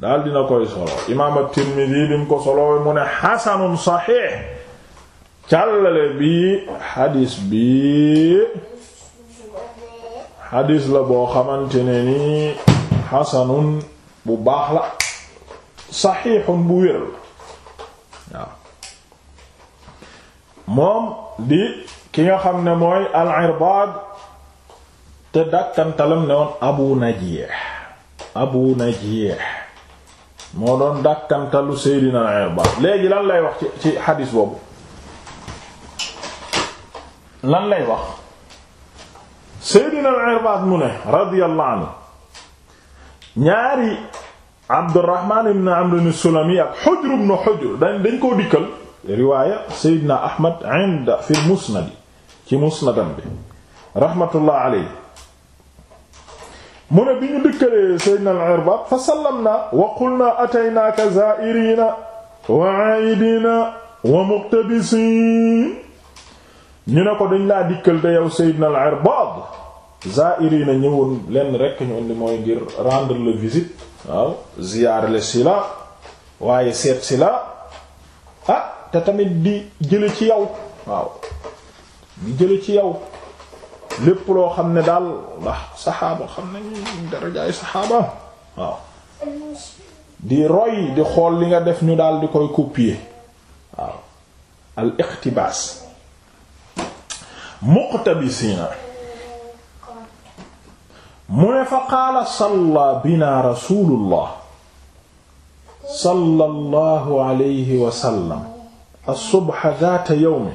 daal dina koy solo imaam at-Tirmidi bi ko solo mu ne xasanun saxiix càllale bi xadiis bi xadiis la boo xamante ne ni xasanun bu baax la saxiixun bu wér moom di ki nga xam ne mooy al-Irbaad te dàkkantalam ne woon Abu Najiih Abu Najiih moo doon dàkkantalu Seydina al-Irbaad léegi lan lay wax ci ci xadiis boobu lan lay wax Seydina al-Irbaad mu ne radiyallahu anhu ñaari Abdurrahmaan ibn Amr as-Sulami ak Hujr ibn Hujr dañ dañ koo dikkal riwaaya Seydina Ahmad inda fi musnadi ci musnadam bi rahmatullah alayhi mu ne bi ñu dikkalee al-Irbaad fa sallamna wa qulna ataynaaka zaa'iriina wa aa'idiina wa muqtabisiin ñu ne ko dañ laa dikkal te yow Seydina al-Irbaad zaa'iriina ñëwoon lenn rekk ñu indi mooy ngir rendre le visite ziyaar le si waaye seet si ah, te tamit di jële ci yow waaw di jële ci yow lépp loo xam ne daal ndax saxaaba xam nañu darajaay saxaaba waaw di roy di xool li nga def ñu daal di koy copier waaw al iqtibaas muqtabisiina mu ne fa qaala salla bina rasulullah sallallahu alayhi wa as-subha zaata yawmin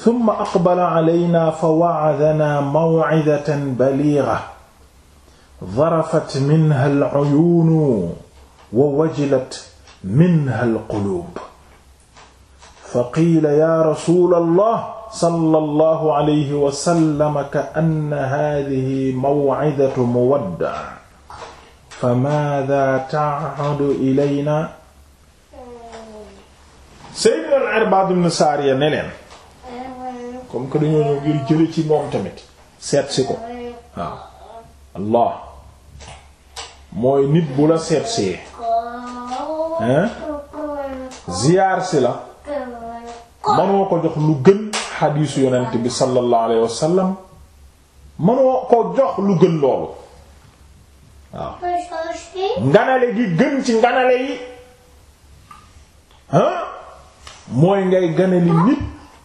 thumma aqbala calaynaa fa wa'adanaa maw'idatan baliighatan darafat minha al-cuyuunu wa wajilat minha al-quluub faqiila yaa rasuulallah sallallahu alayhi wa sallam ka'anna haadihi maw'idatu muwadda' famaadaa tac'udu ilaynaa Sayyidna al-Irbaad ibn comme que dañoo ñëw ngir jële ci moom tamit seetsi si ko waaw Allah mooy nit bu la seet hein ziyaar la mënoo ko jox lu gën xadiisu yonent bi sallallahu alayhi wa mënoo ko jox lu gën loolu waaw nganale gi gën ci nganale yi hein mooy ngay ganali nit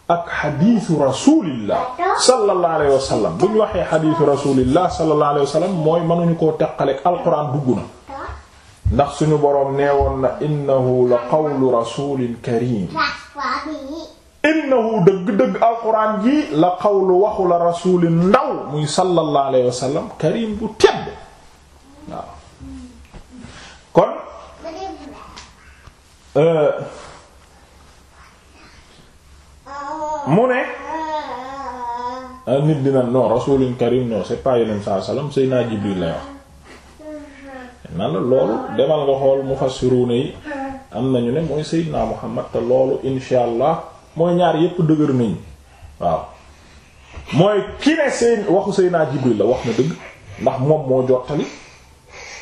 ak xadiisu rasulillah sallallahu alayhi wa sallam bu ñu waxee xadiisu rasulillah sallallahu alayhi wa sallam mooy mënuñu koo teqaleeg alquran dugg na ndax suñu boroom neewoon na innahu la qawlu rasulin karim innahu dëgg-dëgg alquran ji la qawlu waxu la rasulin ndaw muy sallallahu alayhi wa sallam karim bu tedd mu ne ah, nit dina non rasulun karim non c'est pas yonent saa salaam Seydina Jibril lay wax nan la loolu demal nga xool mufassiruna yi am nañu ne mooy Seydina Muhammad te loolu insha allah mooy ñaar yépp dëgër nañu waaw mooy ki ne seen waxu Seydina Jibril la wax na dëgg ndax moom moo jottali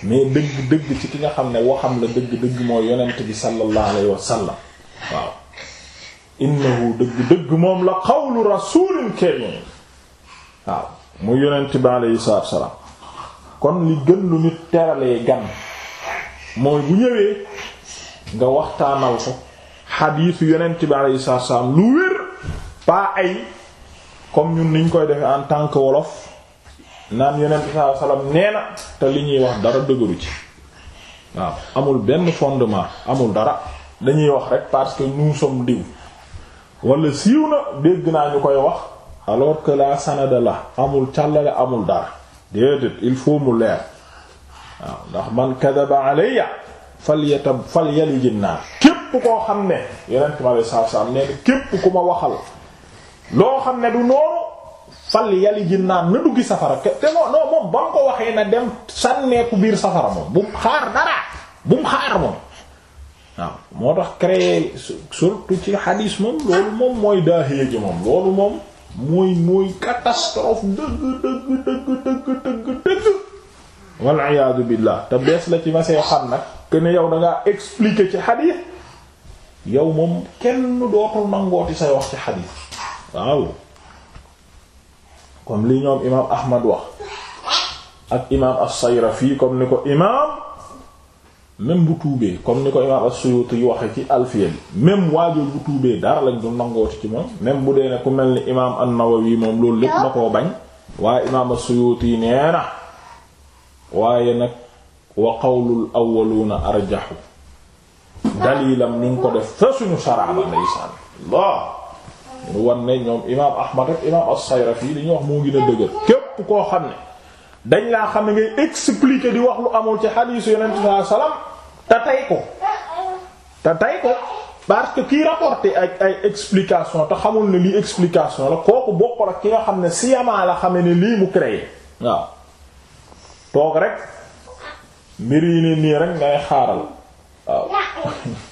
mais dëgg dëgg ci ki nga xam ne waxam la dëgg dëgg mooy yonent bi sallallahu alayhi wa waaw innahu dëgg dëgg moom la qawlu rasulin karim waaw mu yonent bi aleyhi salaam kon li gën lu nit teralee gan mooy bu ñëwee nga waxtaanal ko xadiisu yonent bi aleyhi salaatu salaam lu wér pas ay comme ñun niñ koy defee en tant que wolof naan yonent bi salaatu salaam nee na te li ñuy wax dara dëgëru ci waaw amul benn fondement amul dara dañuy wax rek parce que nous sommes diw wala siiw na dégg naa ñu koy wax alors que la sanada la amul càllale amul dara déedéet il faut mu leer waaw ndax man kadaba alayya falyatab falyalij naar képp koo xam ne yeneen ma lay saaf saaf nee képp ku ma waxal loo xam ne du noonu falyalij naar na duggi safara te non non moom ba ko waxee na dem sànneeku biir safara moom bu mu xaar dara bu mu xaar moom. waaw moo tax créer surtout ci xadiis moom loolu moom mooy daaxiya ji moom loolu moom mooy mooy catastrophe dëgg dëgg dëgg dëgg dëgg dëgg walla iyaadu billaah te bees la ci ma see xam nag que ne yow dangaa expliquer ci xadiis yow moom kenn dootul nangooti say wax ci xadiis waaw comme li ñoom imaam Ahmad wax ak imaam as-Sayrafi comme ni ko imaam même bu tuubee comme ni ko imaam as-Suyuti yu waxe ci alfiya bi même waajur bu tuubee dara lañ du nangooti ci moom même bu dee ne ku mel ni imaam an-Nawawi moom loolu lépp na koo bañ waaye imaam as-Suyuti nee na waaye nag wa qawlul awwaluuna ñu ngi ko def fa suñu saraaba ne ñoom imaam Ahmad ak imaam as-Sayrafi li ñu wax moo gën a dëgër képp koo xam ne dañ laa xam ne ngay expliquer di wax lu amul ci xadiisu Yonent sallallahu alayhi wasallam te tay ko te tay ko parce que kii rapporté ay explication te xamul ne lii explication la kooku bokkul ak ki nga xam ne siyamaa la xame ni lii mu créé waaw toog rek mbir yi ne nii rek ngay xaaral waaw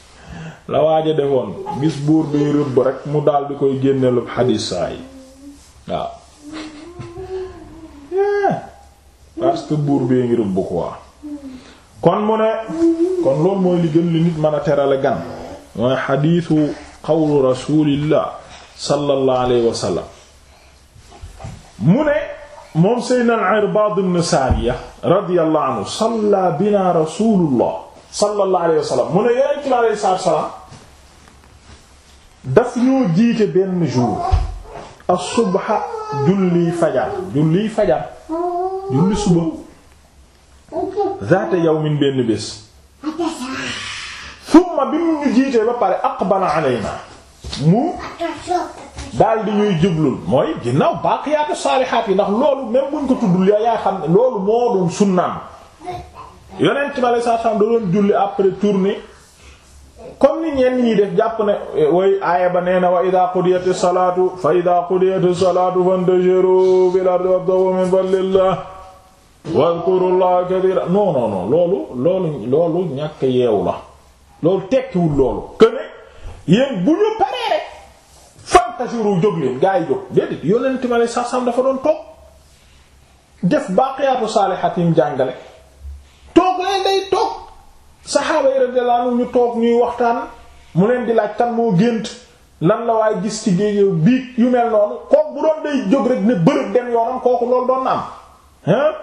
la waaja defoon gis buur bi rëbb rek mu daal di koy génneelu xadiis saa yi waaw eh. parce que buur bee ngi rëbb quoi kon mu ne kon loolu mooy li gën li nit mën a terale gan mooy xadiisu qawlu rasulillah sallallahu alayhi wa sallam mu ne moom seydna al Irbaad ibn Saariya radiyallahu anhu salla mu ne yonent bi alayhi salaam daf ñoo jiite benn jour as-subha julli fajar julli fajar julli suba zaata yawmin benn bés summa bi mu ñu jiitee ba pare aqbala alaynaa mu daal di ñuy jublul mooy ginnaaw baaqiyaatu saalihaat yi ndax loolu même buñ ko tuddul yaa xam ne loolu moo doon sunnaam yonent bi alayhi salaam da doon julli après tournée comme ni ñenn ñi def jàpp ne way aaya ba nee na wa idha qudiyati salaatu fa idha qudiyati salaatu fantashiru fil ardi wabtaghu min fadlillah wadhkurullaha kathiira non non non loolu loolu loolu ñàkk yeewu la loolu tekkiwul loolu que ne yéen bu ñu paree rek fantashiru jóg leen gaa jóg ma ne dafa doon toog def baaqiyaatu saalihaat yi jàngale toog leen day toog saxaaba yi ñu toog ñuy waxtaan mu leen di laaj tan moo gént lan la waaye gis ci géej biig yu mel noonu kooku bu doon day jóg rek ne bërëb dem yoonam kooku loolu doon na am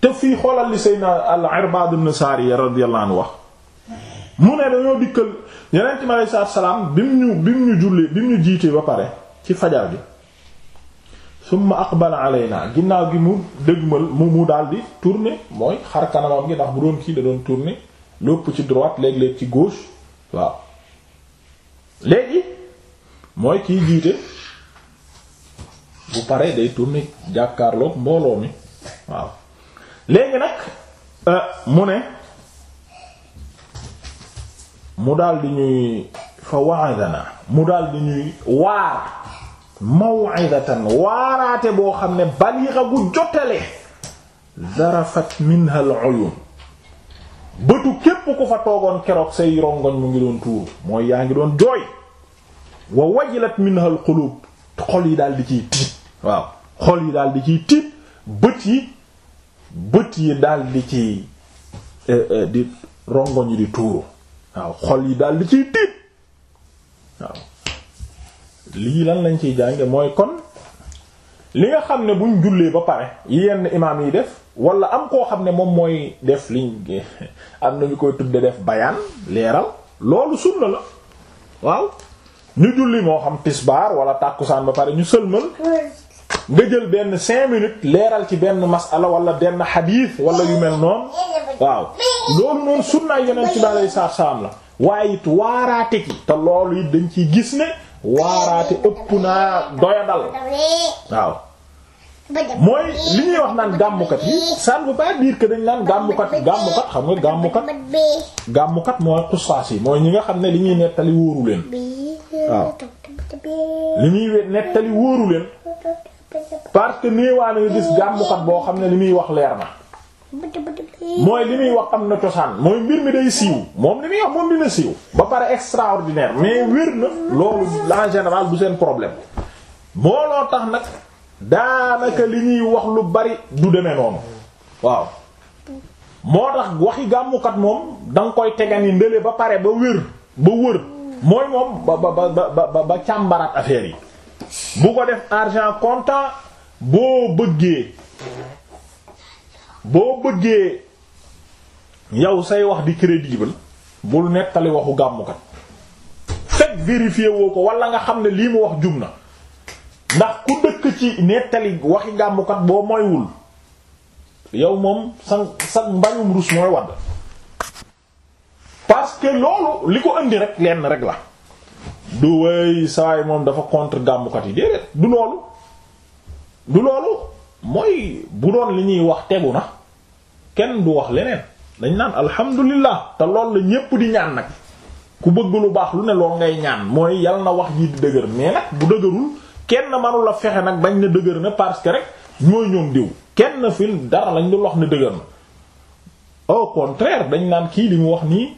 te fii xoolal li Seydina al-Irbaad ibn Saariya radiyallahu anhu wax mu ne dañoo dikkal Yonent mi alayhi salaam bi mu ñu bi mu ñu jullee bi mu ñu jiitee ba pare ci fajar bi summa aqbala alayna ginnaaw gi mu dëgmal mu mu daldi tourner mooy xar kanamam gi ndax bu doon kii da doon tourner lépp ci droite léeg-léeg ci gauche waaw léegi mooy kii jiite bu pare day tourner jàkkaarloog mbooloo mi waaw léegi nag euh, mu ne mu daldi di ñuy fa wa'adana mu daal di ñuy waar maw'idatan waaraate boo xam ne baliixa bu jotale dara fat al-uyun bëtu képp ku fa toogoon keroog say rongoñ mu ngi doon tuur mooy yaa ngi doon jooy wa wajilat minha al xol yi daal di ciy tiit waaw xol yi daal ciy tiit bët yi bët yi daal di ci eh, eh, di rongoñ yi di tuuru waaw xol yi daal di ciy tiit waaw lii lan lañ ciy jànge mooy kon li nga xam ne buñ jullee ba pare yenn imaam yi def wala am koo xam ne moom mooy def li am nañu koy tuddee def bayaan leeral loolu sunna la waaw ñu julli moo xam tisbaar wala tàkkusaan ba pare ñu sëlmal nga jël benn cinq minutes leeral ci benn masala wala benn xadiis wala yu mel noonu waaw loolu noonu sunnaay yonent bi alayhi salaam la waaye it waaraate ki te loolu it dañ ci gis ne waaraate ëpp naa doyadal waaw mooy li ñuy wax naan gàmmukat yi ça ne veut pas dire que dañ naan gàmmukat gàmmukat xam nga gàmmukat gàmmukat mooy xusaas yi mooy ñi nga xam ne li ñuy nettali wóoru leen waaw li ñuy nettali wóoru leen parce que néewaane nga gis gàmmukat boo xam ne li muy wax leer na mooy li muy wax am na cosaan mooy mbir mi day siiw moom li muy wax moom dina siiw ba pare extraordinaire mais wér na loolu lan général bu seen problème moo loo tax nag daanaka li ñuy wax lu bari du demee noonu waaw moo tax waxi gàmmukat moom danga koy tegani ndële ba pare ba wér ba wër mooy moom ba ba ba ba ba càmbaraat affaire yi bu ko def argent comptant boo bëggee boo bëggee yow say wax di crédible bul nettali waxu gàmmukat fekk vérifier woo ko wala nga xam ne lii mu wax jum na ndax ku dëkk ci nettali waxi gàmmukat boo moywul yow moom sa sa mbañum rus mooy wadd parce que loolu li ko indi rek lenn rek la du wéy sawaay moom dafa contre gàmmukat yi déedéet du loolu du loolu mooy bu doon li ñuy wax tegu na kenn du wax leneen dañ naan alhamdulillah te loolu la ñépp di ñaan nag ku bëgg lu baax lu ne lool ngay ñaan mooy yal na wax ji di dëgër mais nag bu dëgërul kenn manula fexe nag bañ na dëgër na parce que rek mooy ñoom diw kenn fi dara lañ dul wax ne dëgër na au contraire dañ naan kii li mu wax nii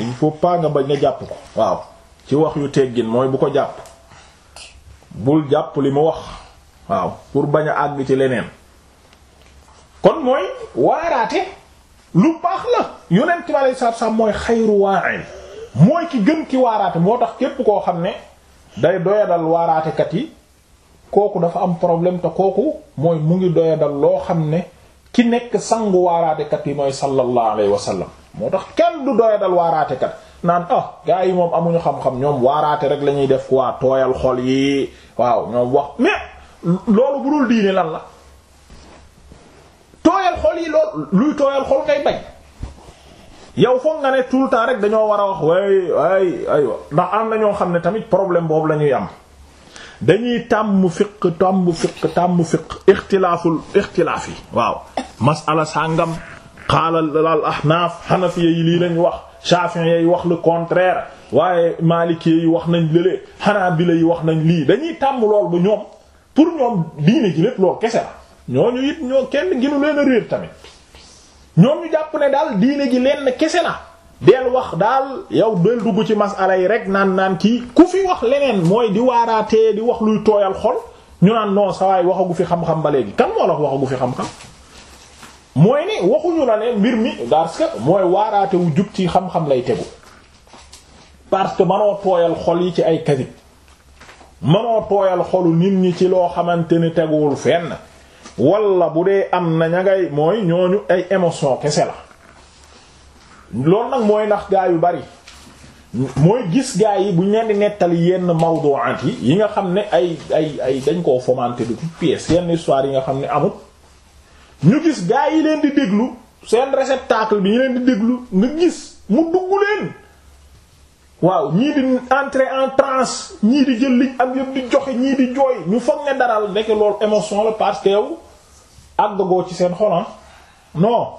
il faut pas nga bañ nga jàpp ko waaw ci wax yu teggin mooy bu ko jàpp bul jàpp li mu wax waaw pour bañ a àgg ci leneen kon mooy waaraate lu baax la yonent bi alei satu salaam mooy xayru waain mooy ki gën ki waaraate moo tax képp koo xam ne day doyadal waaraatekat yi kooku dafa am problème te kooku mooy mu ngi doyadal loo xam ne ki nekk sangu waaraatekat yi mooy sallallahu alayhi wa sallam moo tax kenn du doyadal waaraatekat naan ah gars yi moom amuñu xam-xam ñoom waaraate rek lañuy ñuy def quoi tooyal xol yi waaw ñoom wax mais loolu bu dul diine lan la tooyal xol yi loolu luy tooyal xol ngay bañ yow foog nga ne tout le temps rek dañoo war a wax way ay ndax am na ñoo xam ne tamit problème boobu la ñuy am dañuy tàmm fiq tàmm fiq tàmm fiq ixtilaaful ixtilaaf yi waaw masala sàngam xaalal al ahnaaf xanafiya yi lii lañ wax Shafi'i yi wax le contraire waaye Maliki yi wax nañ lële Hanabila yi wax nañ lii dañuy tàmm lool ba ñoom pour ñoom diine ji lépp lool kese la ñooñu it ñoo kenn ginu leen a réer tamit ñoom ñu jàpp ne daal diine ji lenn kese na del wax daal yow del dugg ci masala yi rek naan naan kii ku fi wax leneen mooy di waaraatee di wax luy tooyal xol ñu naan non sawaay waxagu fi xam-xam ba léegi kan moo la waxagu fi xam-xam mooy ne waxuñu la ne mbir mi parce mooy waaraate wu jub ci xam-xam lay tegu parce que manoo tooyal xol yi ci ay kasib manoo tooyal xolu nit ñi ci loo xamante ni teguwul fenn wala bu dee am na ña ngay mooy ñooñu ay émotion kese la loolu nag mooy ndax gaa yu bari mooy gis gaa yi bu leen nettali yenn mawdu'at yi yi nga xam ne ay ay ay dañ koo fomenter de toutes yenn histoire yi nga xam ne amul ñu gis gaa yi leen di déglu seen réceptacle bi ñu leen di déglu nga gis mu dugg leen waaw ñii di entrer en trance ñii di jël liñ ak yëpp di joxe ñii di jooy ñu foog ne daral nekk loolu émotion la parce que yow àggagoo ci seen xolan ah. no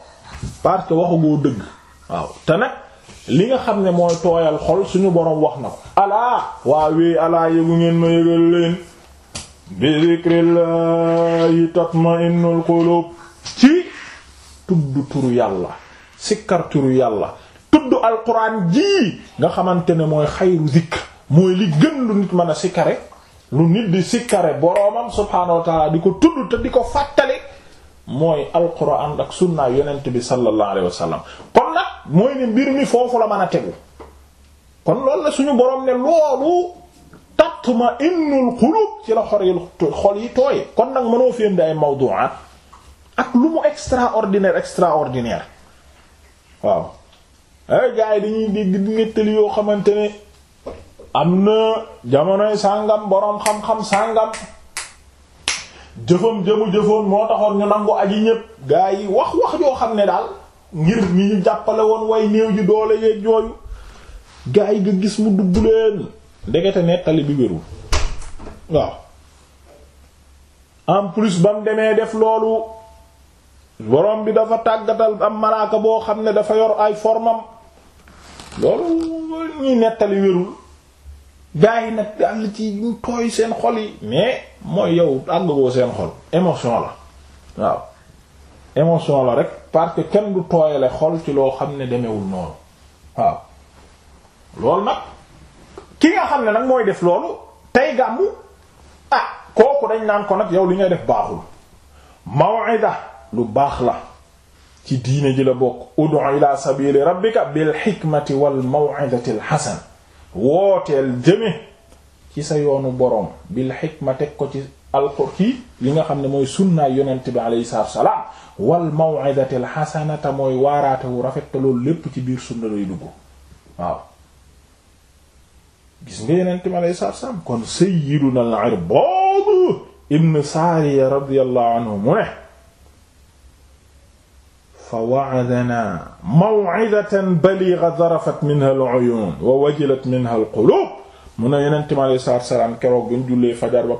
parce que waxagoo dëgg waaw te nag li nga xam ne mooy tooyal xol suñu boroom wax na ko alaa waawee alaa yëgu ngeen ma yëgal leen bi zikrillahi tatma'innul qulub ci tudd turu yàlla sikkar turu yàlla tudd alquran jii nga xamante ne mooy xayru zikr mooy li gën lu nit mën a sikkare lu nit di sikkare boroomam subhaanahu wa di ko tudd te di ko fàttali mooy alquran ak sunnaa yonent bi sallallahu alayhi wa kon nag mooy ne mbir mi foofu la mën a tegu kon loolu la suñu boroom ne loolu tatma innul qulub ci la xor yi xol tooye kon nag mënoo fi indi ay mawdu'at ak lu mu extraordinaire extraordinaire waaw ay eh, gars yi dañuy dégg di nettali yoo xamante ne am na jamonoy sàngam boroom xam-xam sàngam jëfam jëmu jëfoon moo taxoon ñu nangu aji ñépp gars yi wax wax yoo xam ne daal ngir ñi ñu jàppale woon way néew ji doole yeeg yooyu gars yi nga gis mu dugg leen ndekete nettali bi wérul waaw en plus ba mu demee def loolu borom bi dafa tàggatal am malaaka boo xam ne dafa yor ay formam loolu ñuy nettali wérul gaa yi nag dal ci ñu tooy seen xol yi mais mooy yow àggagoo seen xol émotion la waaw émotion la rek parce que kenn du tooyale xol ci loo xam ne demewul noonu waaw loolu nag ki nga xam ne nag mooy def loolu tey gàmmu ah kooku dañ naan ko nag yow li ngay def baaxul maw'ida lu baax la ci diine ji la bokk ud'u ila sabili rabbika bil hikmati wal maw'izati al hasan ci sa yoonu boroom bil hikma li nga xam ne mooy sunnaay yonent bi alayhi salaatu wasalaam wal maw'izati al hasanata mooy waaraate lépp ci biir sunna lay dugg waaw gis nga yonent bi alayhi salaatu wasalaam kon sayyiduna al-Irbaad ibn Saariya radiyallahu anhu mu ne fa wa'adanaa maw'izatan baliighatan zarafat minhaa al-'uyuun wa wajilat minhaa al-quluub mu ne Yonent mi alayhi salaatu wa salaam keroog bi ñu jullee fajar ba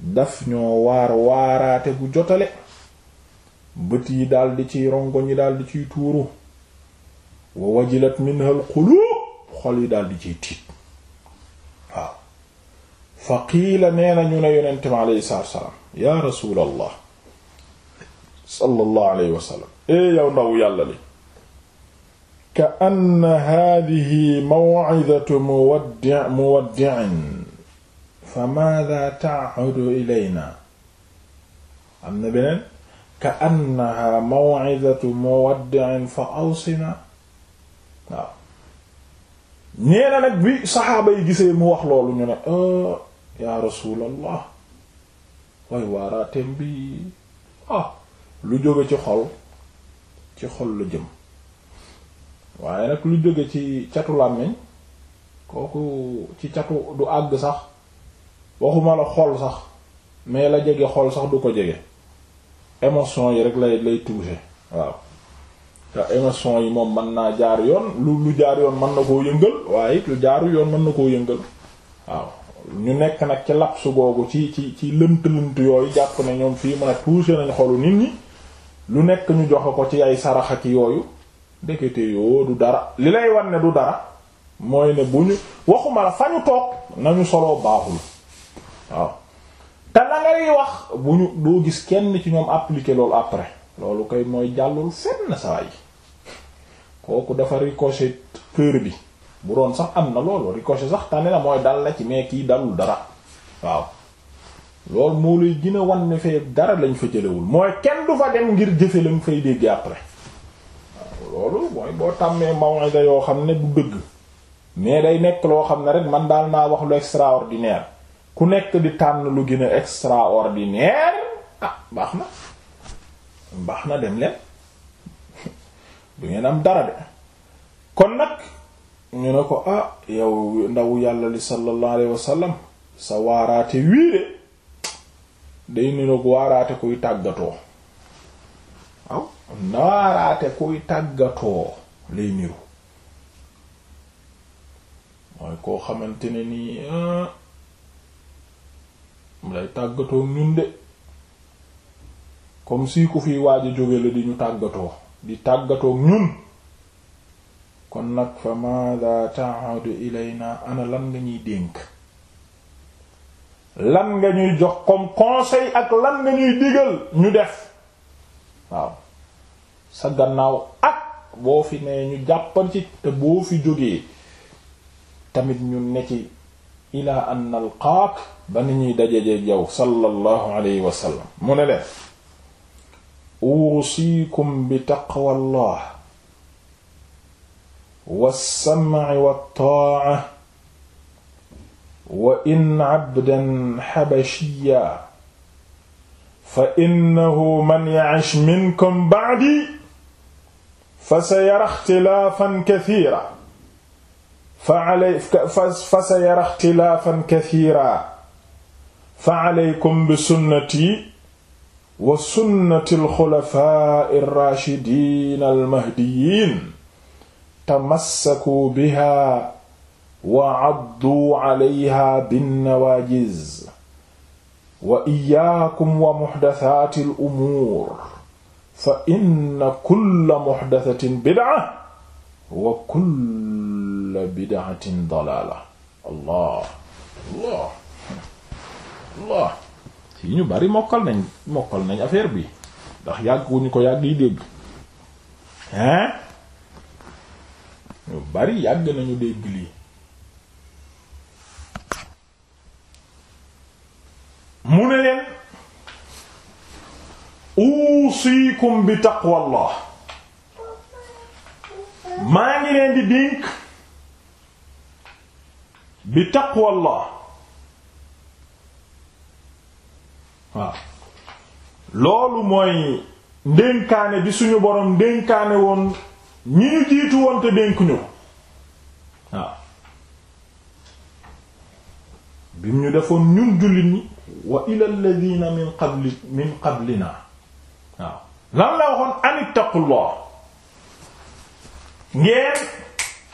daf ñoo waar waaraate gu jotale bët yi daldi ciy rongoñ yi daldi ciy tuuru wa wajilat minhaa al xol yi daldi ciy tiit waaw fa qiila nee na ñu ne Yonent mi alayhi Rasuulallah sallallahu alayhi wa sallam ee eh, yow ndaw yàlla li ka anna haadihi maw'izatu muwaddi' muwaddi'in fa maadha ta'udu ilayna am na beneen ka annaha maw'izatu muwaddi'in fa awsina waaw nee na nag bi saxaaba yi gisee mu wax loolu ñu ne ah, yaa rasuulallah way waaraatee bi ah lu jóge ci xol ci xol la jëm waaye nag lu jóge ci catu làmmiñ kooku ci catu du àgg sax waxuma la xol sax mais la jege xol sax du ko jege émotion yi rek lay lay touché waaw te émotion yi moom mën naa jaar yoon lu lu jaar yoon mën na koo yëngal waaye lu jaaru yoon mën na koo yëngal waaw ñu nekk nag ci lapsu googu ci ci ci lënt lënt yooyu jàpp na ñoom fii mën a touché nañ xolu nit ñi lu nekk ñu jox ko ci ay sarax ak yooyu ndekete yoo du dara li lay wan ne du dara mooy ne bu ñu waxuma la fa ñu toog nañu soloo baaxul waaw te la ngay wax bu ñu doo gis kenn ci ñoom appliquer loolu après loolu koy mooy jàllul fenn saa kooku dafa ricoché kër bi bu doon sax am na loolu ricoché sax tane na mooy dal la ci mais kii dalul dara waaw loolu moo lay gën a wan ne fee dara lañ fa jëlewul mooy kenn du fa dem ngir jëfe lañ fay dégg après waaw loolu mooy boo tàmmee mawida yoo xam ne bu dëgg mais day nekk loo xam ne rek man daal naa wax lu extraordinaire ku nekk di tànn lu gën a extraordinaire ah baax na baax na dem leen du ngeen am dara de kon nag ñu ne ko ah yow ndaw yàlla li sallallahu alayhi sa waaraate wii de day niroog waaraate kuy tàggatoo waaw naaraate kuy tàggatoo lay niru mooy koo xamante ne nii ah, mu lay tàggatoo ñun de comme si ku fiy waaj jóge la di ñu tàggatoo di tàggatoo ñun kon nag fa maada ta'udu ilayna ana lan nga ñuy dénk lan nga ñuy jox comme conseil ak lan nga ñuy digal ñu def waaw sa gannaaw ak boo fi nee ñu jàppan ci te boo fi jógee tamit ñu ne ci ila an nalqaak ba ni ñuy dajejeg jaw sallallahu alayhi wa mu ne leen uusikum bi taqwa allah wa sam'i wa ta'a wa in abdan xabashiya fa innahu man ya'ish minkum ba'di fa sayara ixtilaafan kathiira fa alay fa sayara ixtilaafan kathiira fa alaykum bi sunnati wa sunnati al-xulafaa'i ar-raashidiina al-mahdiyyiin tamassaku bihaa wa addu alayha binnawaajiz wa iyyaakum wa muxdasaati al-umuur fa inna kulla muxdasatin bid'a wa kulla bid'atin dalaala allah allah allah ci ñu bari mokkal nañ mokkal nañ affaire bi ndax yàgg wu ñu ko yàgg yi dégg hein ñu bari yàgg nañu dégg lii mu ne leen uusikum bi taqwallah maa ngi leen di dénk bi taqwallah waaw loolu mooy ndénkaane bi suñu boroom ndénkaane woon ñu ñu jiitu woon te dénkuñu waaw bi mu ñu defoon ñun jullit ñi wa ila alladhina min qabli waaw lan la waxoon an ittaqullah ngeen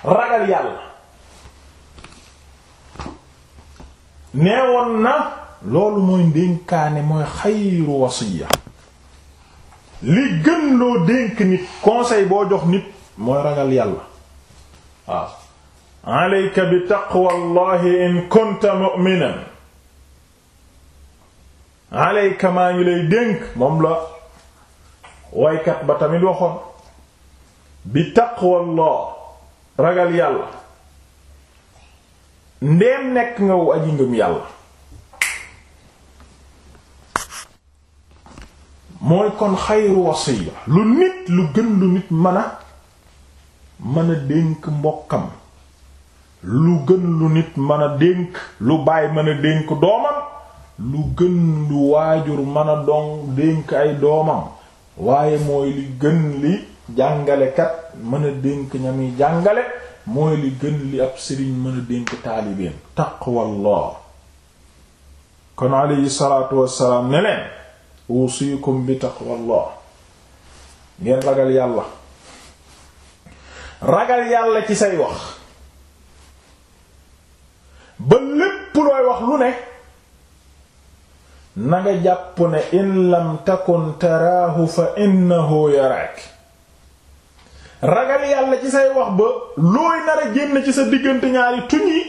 ragal yàlla neewoon na loolu mooy ndénkaane mooy xayru wasiya li gën loo dénk nit conseil boo jox nit mooy ragal yàlla waaw alayka bi taqwallahi in kunta mu'minan alayka maa ngi lay dénk moom la waykat ba tamit waxoon bi taqwallah ragal yàlla ndeem nekk nga wu aji ngëm yàlla mooy kon xayru wasiya lu nit lu gën lu nit mën a mën dénk mbokkam lu gën lu nit mën dénk lu baay mën dénk doomam lu gën lu waajur mën a don dénk ay doomam waaye mooy li gën li jàngalekat mën a dénk ñami jàngale mooy li gën li ab sëriñ mën a dénk taalibeen taqwallah kon alayhi salaatu wassalaam ne leen usikum bi taqwallah ngeen ragal yàlla ragal yàlla ci say wax ba lépp looy wax lu ne nanga nga jàpp ne in lam takun taraahu fa innahu yaraak ragal yàlla ci say wax ba looy nar a génn ci sa diggante ñaari tuñ yi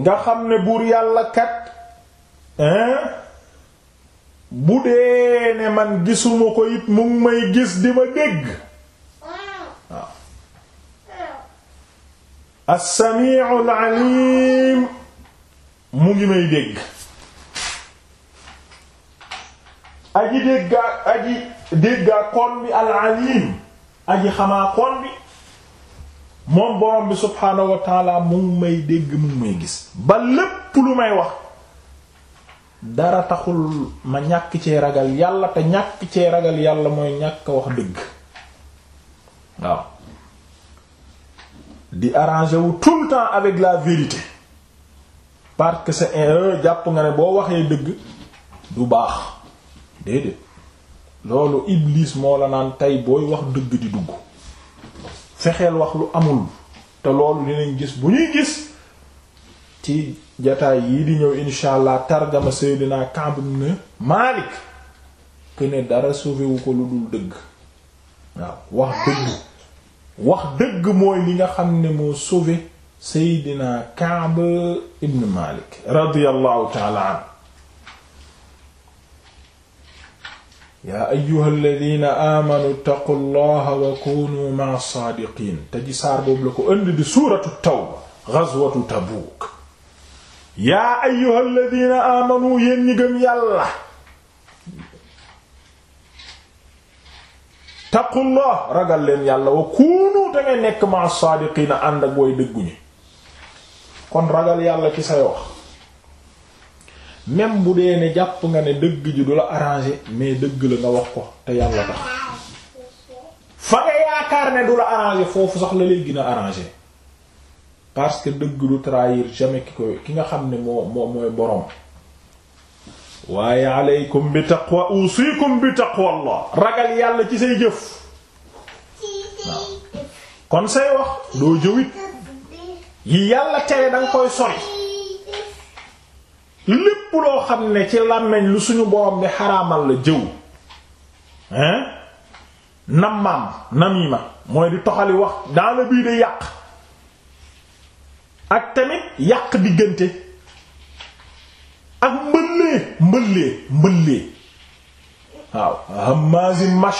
nga xam ne buur yàlla kat hein bu dee ne man gisuma ko it mu ngi may gis di ma dégg waaw as mu ngi may dégg aji déggaa aji déggaa kon bi al-alim aji xamaa kon bi moom borom bi subhaanahu wa mu ngi may dégg mu may gis ba lépp lu may wax dara taxul ma ñàkk cee ragal yàlla te ñàkk cee ragal yàlla mooy ñàkk wax dëgg waaw di arranger wu tout le temps avec la vérité parce que c'est un jàpp nga ne boo waxee dëgg du baax déedéet loolu Iblis moo la naan tey booy wax dëgg di dugg fexeel wax lu amul te loolu dinañ gis bu ñuy gis ci jataay yii di ñëw insha allah tarjama Seydina Kaab ibn Maalik que ne dara sauvé ko lu dul dëgg waaw wax dëgg wax dëgg mooy li nga xam ne moo sauvé Seydina Kaab ibn Maalik radiyallahu taala yaa ayyuha alladina aamanu ttaqu llaha wa kunu maa saadiqin te ji saar boobu la ko ënd di suuratu tawba gazwatu tabuuk yaa ayyuha alladina aamanu yéen ñi gëm yàlla taqullah ragal leen yàlla wa kuunu da ngay nekk maa saadiqina ànd ak way dëgguñu kon ragal yàlla ci say wax même bu dee ne jàpp nga ne dëgg ji du la arrangé mais dëgg la nga wax ko te yàlla tax fa nga yaakaar ne du la arrangé foofu sax la lay gën a arrangé parce que dëgg du trahir jamais ki koy ki nga xam ne moo moo mooy borom waaye aleykum bi taqwa usikum bi taqwa allah ragal yàlla ci say jëf waaw kon say wax doo jëwit yi yàlla tere danga koy sori lépp loo xam ne ci làmmiñ lu suñu borom bi xaraamal la jëw hein nammaam namima mooy di toxali wax daana bii de yàq ak tamit yàq diggante ak mbëllee mbëllee mbëllee waaw hammaazim mash